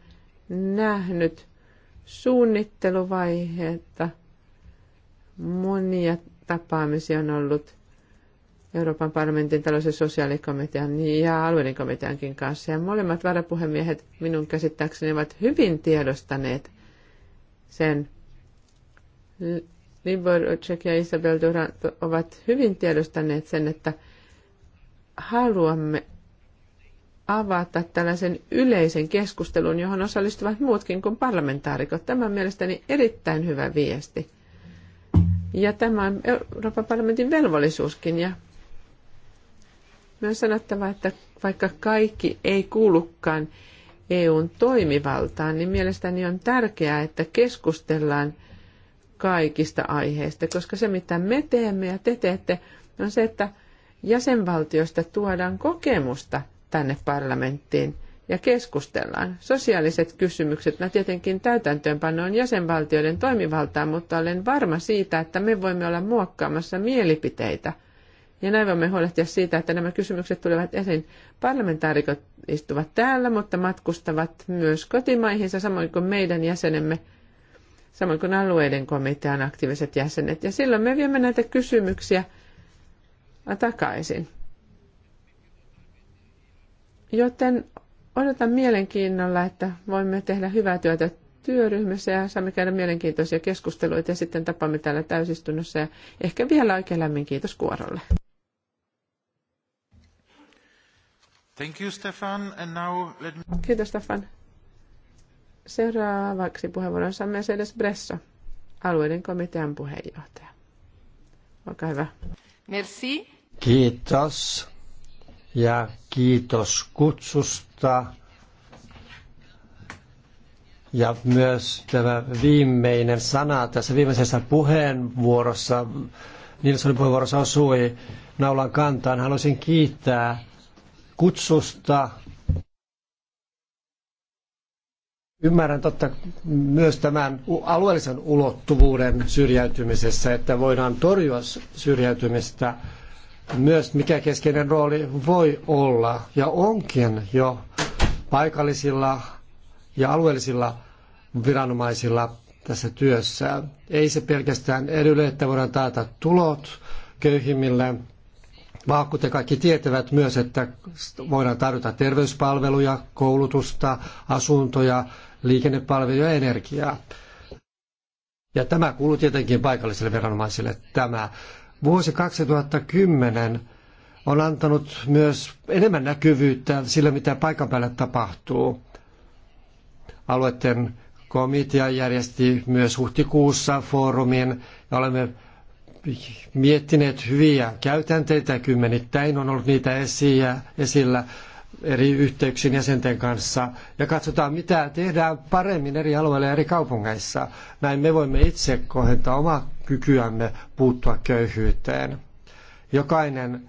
nähnyt suunnitteluvaiheetta. Monia tapaamisia on ollut Euroopan parlamentin talous- ja sosiaalikomitean ja alueiden komiteankin kanssa. Ja molemmat varapuhemiehet minun käsittääkseni ovat hyvin tiedostaneet sen. Libor Ocek ja Isabel Durant ovat hyvin tiedostaneet sen, että haluamme avata tällaisen yleisen keskustelun, johon osallistuvat muutkin kuin parlamentaarikot. Tämä on mielestäni erittäin hyvä viesti. Ja tämä on Euroopan parlamentin velvollisuuskin ja on sanottava, että vaikka kaikki ei kuulukaan EUn toimivaltaan, niin mielestäni on tärkeää, että keskustellaan kaikista aiheista, koska se mitä me teemme ja te teette on se, että jäsenvaltioista tuodaan kokemusta tänne parlamenttiin ja keskustellaan. Sosiaaliset kysymykset, no tietenkin täytäntöönpano on jäsenvaltioiden toimivaltaa, mutta olen varma siitä, että me voimme olla muokkaamassa mielipiteitä – ja näin voimme huolehtia siitä, että nämä kysymykset tulevat esiin. Parlamentaarikot istuvat täällä, mutta matkustavat myös kotimaihinsa, samoin kuin meidän jäsenemme, samoin kuin alueiden komitean aktiiviset jäsenet. Ja silloin me viemme näitä kysymyksiä takaisin. Joten odotan mielenkiinnolla, että voimme tehdä hyvää työtä työryhmässä ja saamme käydä mielenkiintoisia keskusteluita ja sitten tapaamme täällä täysistunnossa ja ehkä vielä oikein lämmin kiitos Kuorolle. Thank you, Stefan. And now let me... Kiitos, Stefan. Seuraavaksi puheenvuoron saa Mercedes Bresso, alueiden komitean puheenjohtaja. Olkaa hyvä. Merci. Kiitos ja kiitos kutsusta. Ja myös tämä viimeinen sana tässä viimeisessä puheenvuorossa, Nilssonin puheenvuorossa osui naulan kantaan. Haluaisin kiittää kutsusta. Ymmärrän totta myös tämän alueellisen ulottuvuuden syrjäytymisessä, että voidaan torjua syrjäytymistä myös mikä keskeinen rooli voi olla ja onkin jo paikallisilla ja alueellisilla viranomaisilla tässä työssä. Ei se pelkästään edylle, että voidaan taata tulot köyhimmille, vaan kuten kaikki tietävät myös, että voidaan tarjota terveyspalveluja, koulutusta, asuntoja, liikennepalveluja ja energiaa. Ja tämä kuuluu tietenkin paikallisille viranomaisille. Tämä vuosi 2010 on antanut myös enemmän näkyvyyttä sille, mitä paikan päällä tapahtuu. Alueiden komitea järjesti myös huhtikuussa foorumin ja olemme miettineet hyviä käytänteitä kymmenittäin, on ollut niitä esiä, esillä eri yhteyksien jäsenten kanssa ja katsotaan, mitä tehdään paremmin eri alueilla ja eri kaupungeissa. Näin me voimme itse kohentaa omaa kykyämme puuttua köyhyyteen. Jokainen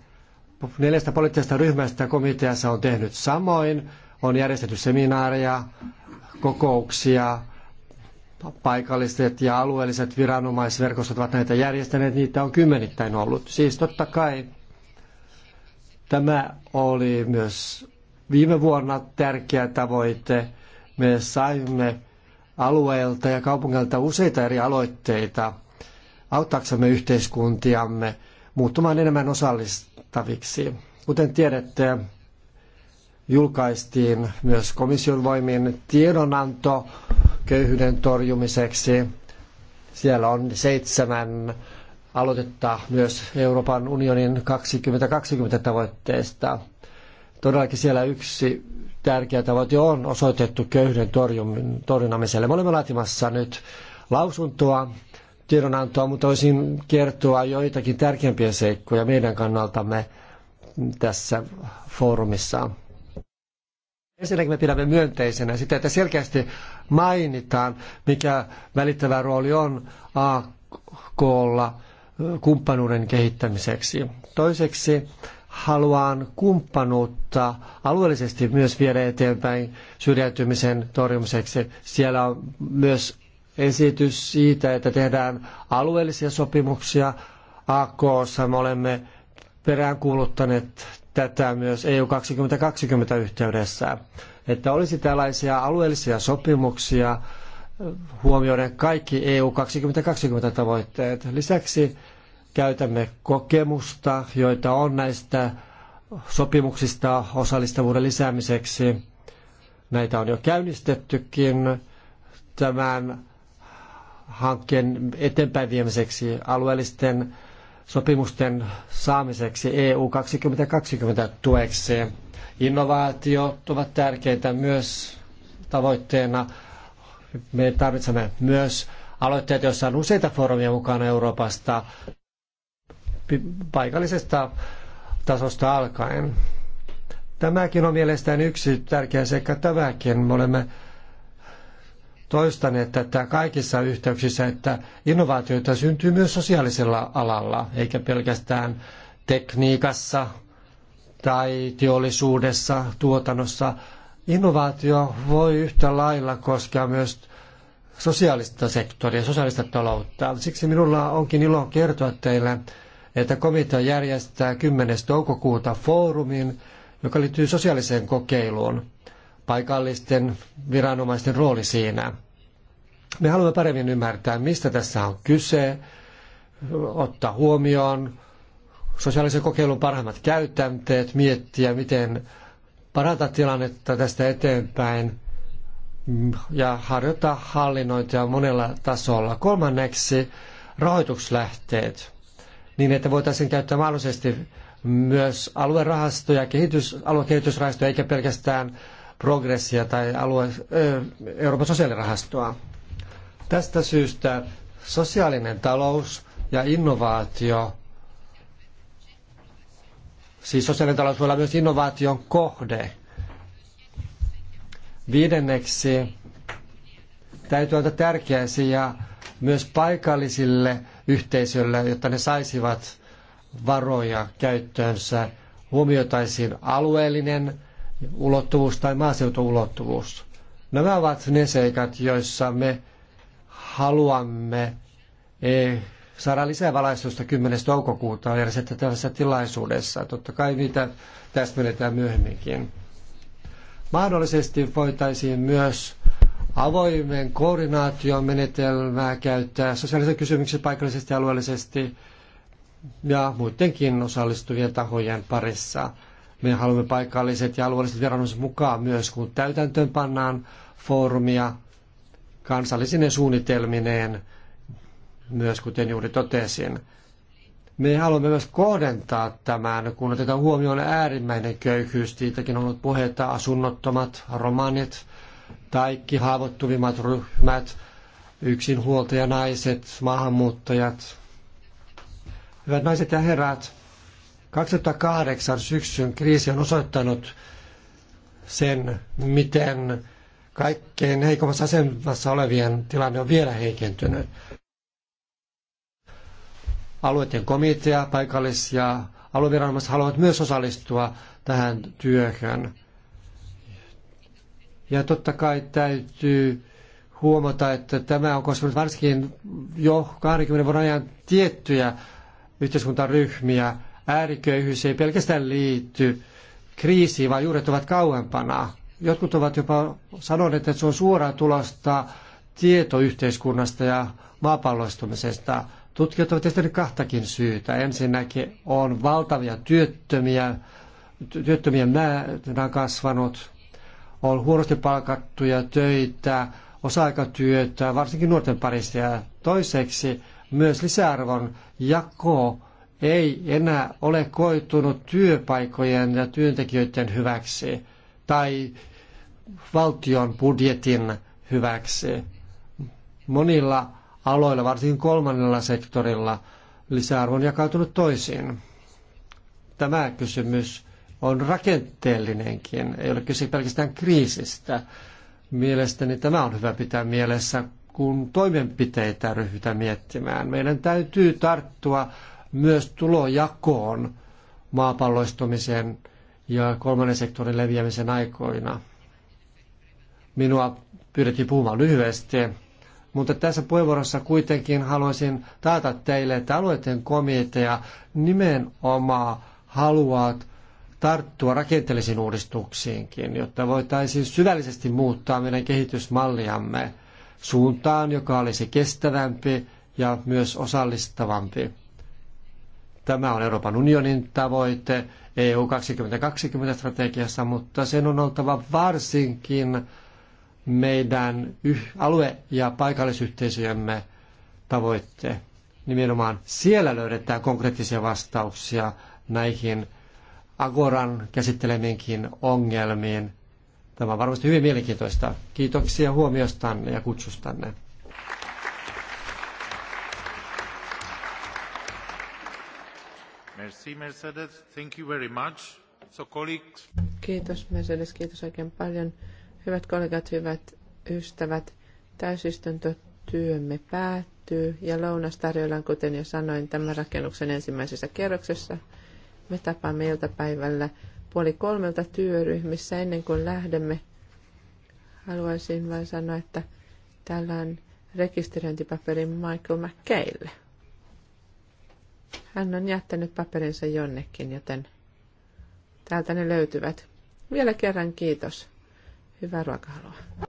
neljästä poliittisesta ryhmästä komiteassa on tehnyt samoin, on järjestetty seminaareja, kokouksia, paikalliset ja alueelliset viranomaisverkostot ovat näitä järjestäneet, niitä on kymmenittäin ollut. Siis totta kai tämä oli myös viime vuonna tärkeä tavoite. Me saimme alueelta ja kaupungilta useita eri aloitteita auttaaksemme yhteiskuntiamme muuttumaan enemmän osallistaviksi. Kuten tiedätte, julkaistiin myös komission voimin tiedonanto köyhyyden torjumiseksi. Siellä on seitsemän aloitetta myös Euroopan unionin 2020 tavoitteesta. Todellakin siellä yksi tärkeä tavoite on osoitettu köyhyyden torjunnamiselle. Me olemme laatimassa nyt lausuntoa, tiedonantoa, mutta voisin kertoa joitakin tärkeimpiä seikkoja meidän kannaltamme tässä foorumissa. Ensinnäkin me pidämme myönteisenä sitä, että selkeästi mainitaan, mikä välittävä rooli on AKlla kumppanuuden kehittämiseksi. Toiseksi haluan kumppanuutta alueellisesti myös viedä eteenpäin syrjäytymisen torjumiseksi. Siellä on myös esitys siitä, että tehdään alueellisia sopimuksia. AKssa me olemme peräänkuuluttaneet tätä myös EU 2020 yhteydessä, että olisi tällaisia alueellisia sopimuksia äh, huomioiden kaikki EU 2020 tavoitteet. Lisäksi käytämme kokemusta, joita on näistä sopimuksista osallistavuuden lisäämiseksi. Näitä on jo käynnistettykin tämän hankkeen eteenpäin viemiseksi alueellisten sopimusten saamiseksi EU 2020 tueksi. Innovaatiot ovat tärkeitä myös tavoitteena. Me tarvitsemme myös aloitteet, joissa on useita foorumia mukana Euroopasta paikallisesta tasosta alkaen. Tämäkin on mielestäni yksi tärkeä seikka tämäkin. Me olemme toistaneet tätä kaikissa yhteyksissä, että innovaatioita syntyy myös sosiaalisella alalla, eikä pelkästään tekniikassa tai teollisuudessa, tuotannossa. Innovaatio voi yhtä lailla koskea myös sosiaalista sektoria, sosiaalista taloutta. Siksi minulla onkin ilo kertoa teille, että komitea järjestää 10. toukokuuta foorumin, joka liittyy sosiaaliseen kokeiluun paikallisten viranomaisten rooli siinä. Me haluamme paremmin ymmärtää, mistä tässä on kyse, ottaa huomioon sosiaalisen kokeilun parhaimmat käytänteet, miettiä, miten parantaa tilannetta tästä eteenpäin ja harjoittaa hallinnointia monella tasolla. Kolmanneksi rahoituslähteet, niin että voitaisiin käyttää mahdollisesti myös aluerahastoja, kehitys, aluekehitysrahastoja, eikä pelkästään progressia tai alue, Euroopan sosiaalirahastoa. Tästä syystä sosiaalinen talous ja innovaatio, siis sosiaalinen talous voi olla myös innovaation kohde. Viidenneksi täytyy antaa tärkeä sija myös paikallisille yhteisöille, jotta ne saisivat varoja käyttöönsä. Huomioitaisiin alueellinen ulottuvuus tai maaseutuulottuvuus. Nämä ovat ne seikat, joissa me haluamme eh, saada lisää valaistusta 10. toukokuuta järjestettävässä tilaisuudessa. Totta kai niitä täsmennetään myöhemminkin. Mahdollisesti voitaisiin myös avoimen koordinaation menetelmää käyttää sosiaalisen kysymyksen paikallisesti ja alueellisesti ja muidenkin osallistuvien tahojen parissa – me haluamme paikalliset ja alueelliset viranomaiset mukaan myös, kun täytäntöön pannaan foorumia kansallisine suunnitelmineen, myös kuten juuri totesin. Me haluamme myös kohdentaa tämän, kun otetaan huomioon äärimmäinen köyhyys, siitäkin on ollut puhetta asunnottomat, romanit, kaikki haavoittuvimmat ryhmät, yksinhuoltajanaiset, maahanmuuttajat. Hyvät naiset ja herrat, 2008 syksyn kriisi on osoittanut sen, miten kaikkein heikommassa asemassa olevien tilanne on vielä heikentynyt. Alueiden komitea, paikallis- ja alueviranomaiset haluavat myös osallistua tähän työhön. Ja totta kai täytyy huomata, että tämä on koskenut varsinkin jo 20 vuoden ajan tiettyjä yhteiskuntaryhmiä, Ääriköyhyys ei pelkästään liitty kriisiin, vaan juuret ovat kauempana. Jotkut ovat jopa sanoneet, että se on suoraa tulosta tietoyhteiskunnasta ja maapalloistumisesta. Tutkijat ovat tehneet kahtakin syytä. Ensinnäkin on valtavia työttömiä, työttömien määrä kasvanut, on huonosti palkattuja töitä, osa-aikatyötä, varsinkin nuorten parissa. Ja toiseksi myös lisäarvon jako ei enää ole koitunut työpaikojen ja työntekijöiden hyväksi tai valtion budjetin hyväksi. Monilla aloilla, varsinkin kolmannella sektorilla, lisäarvo on jakautunut toisiin. Tämä kysymys on rakenteellinenkin, ei ole kyse pelkästään kriisistä. Mielestäni tämä on hyvä pitää mielessä, kun toimenpiteitä ryhdytään miettimään. Meidän täytyy tarttua myös tulojakoon maapalloistumisen ja kolmannen sektorin leviämisen aikoina. Minua pyydettiin puhumaan lyhyesti, mutta tässä puheenvuorossa kuitenkin haluaisin taata teille, että alueiden komitea nimenomaan haluaa tarttua rakenteellisiin uudistuksiinkin, jotta voitaisiin syvällisesti muuttaa meidän kehitysmalliamme suuntaan, joka olisi kestävämpi ja myös osallistavampi. Tämä on Euroopan unionin tavoite EU 2020-strategiassa, mutta sen on oltava varsinkin meidän alue- ja paikallisyhteisöjemme tavoitte. Nimenomaan siellä löydetään konkreettisia vastauksia näihin Agoran käsittelemiinkin ongelmiin. Tämä on varmasti hyvin mielenkiintoista. Kiitoksia huomiostanne ja kutsustanne. Kiitos Mercedes, kiitos oikein paljon. Hyvät kollegat, hyvät ystävät, täysistuntotyömme päättyy ja lounas tarjoillaan, kuten jo sanoin, tämän rakennuksen ensimmäisessä kerroksessa. Me tapaamme iltapäivällä puoli kolmelta työryhmissä ennen kuin lähdemme. Haluaisin vain sanoa, että täällä on rekisteröintipaperin Michael McKaylle. Hän on jättänyt paperinsa jonnekin, joten täältä ne löytyvät. Vielä kerran kiitos. Hyvää ruokahalua.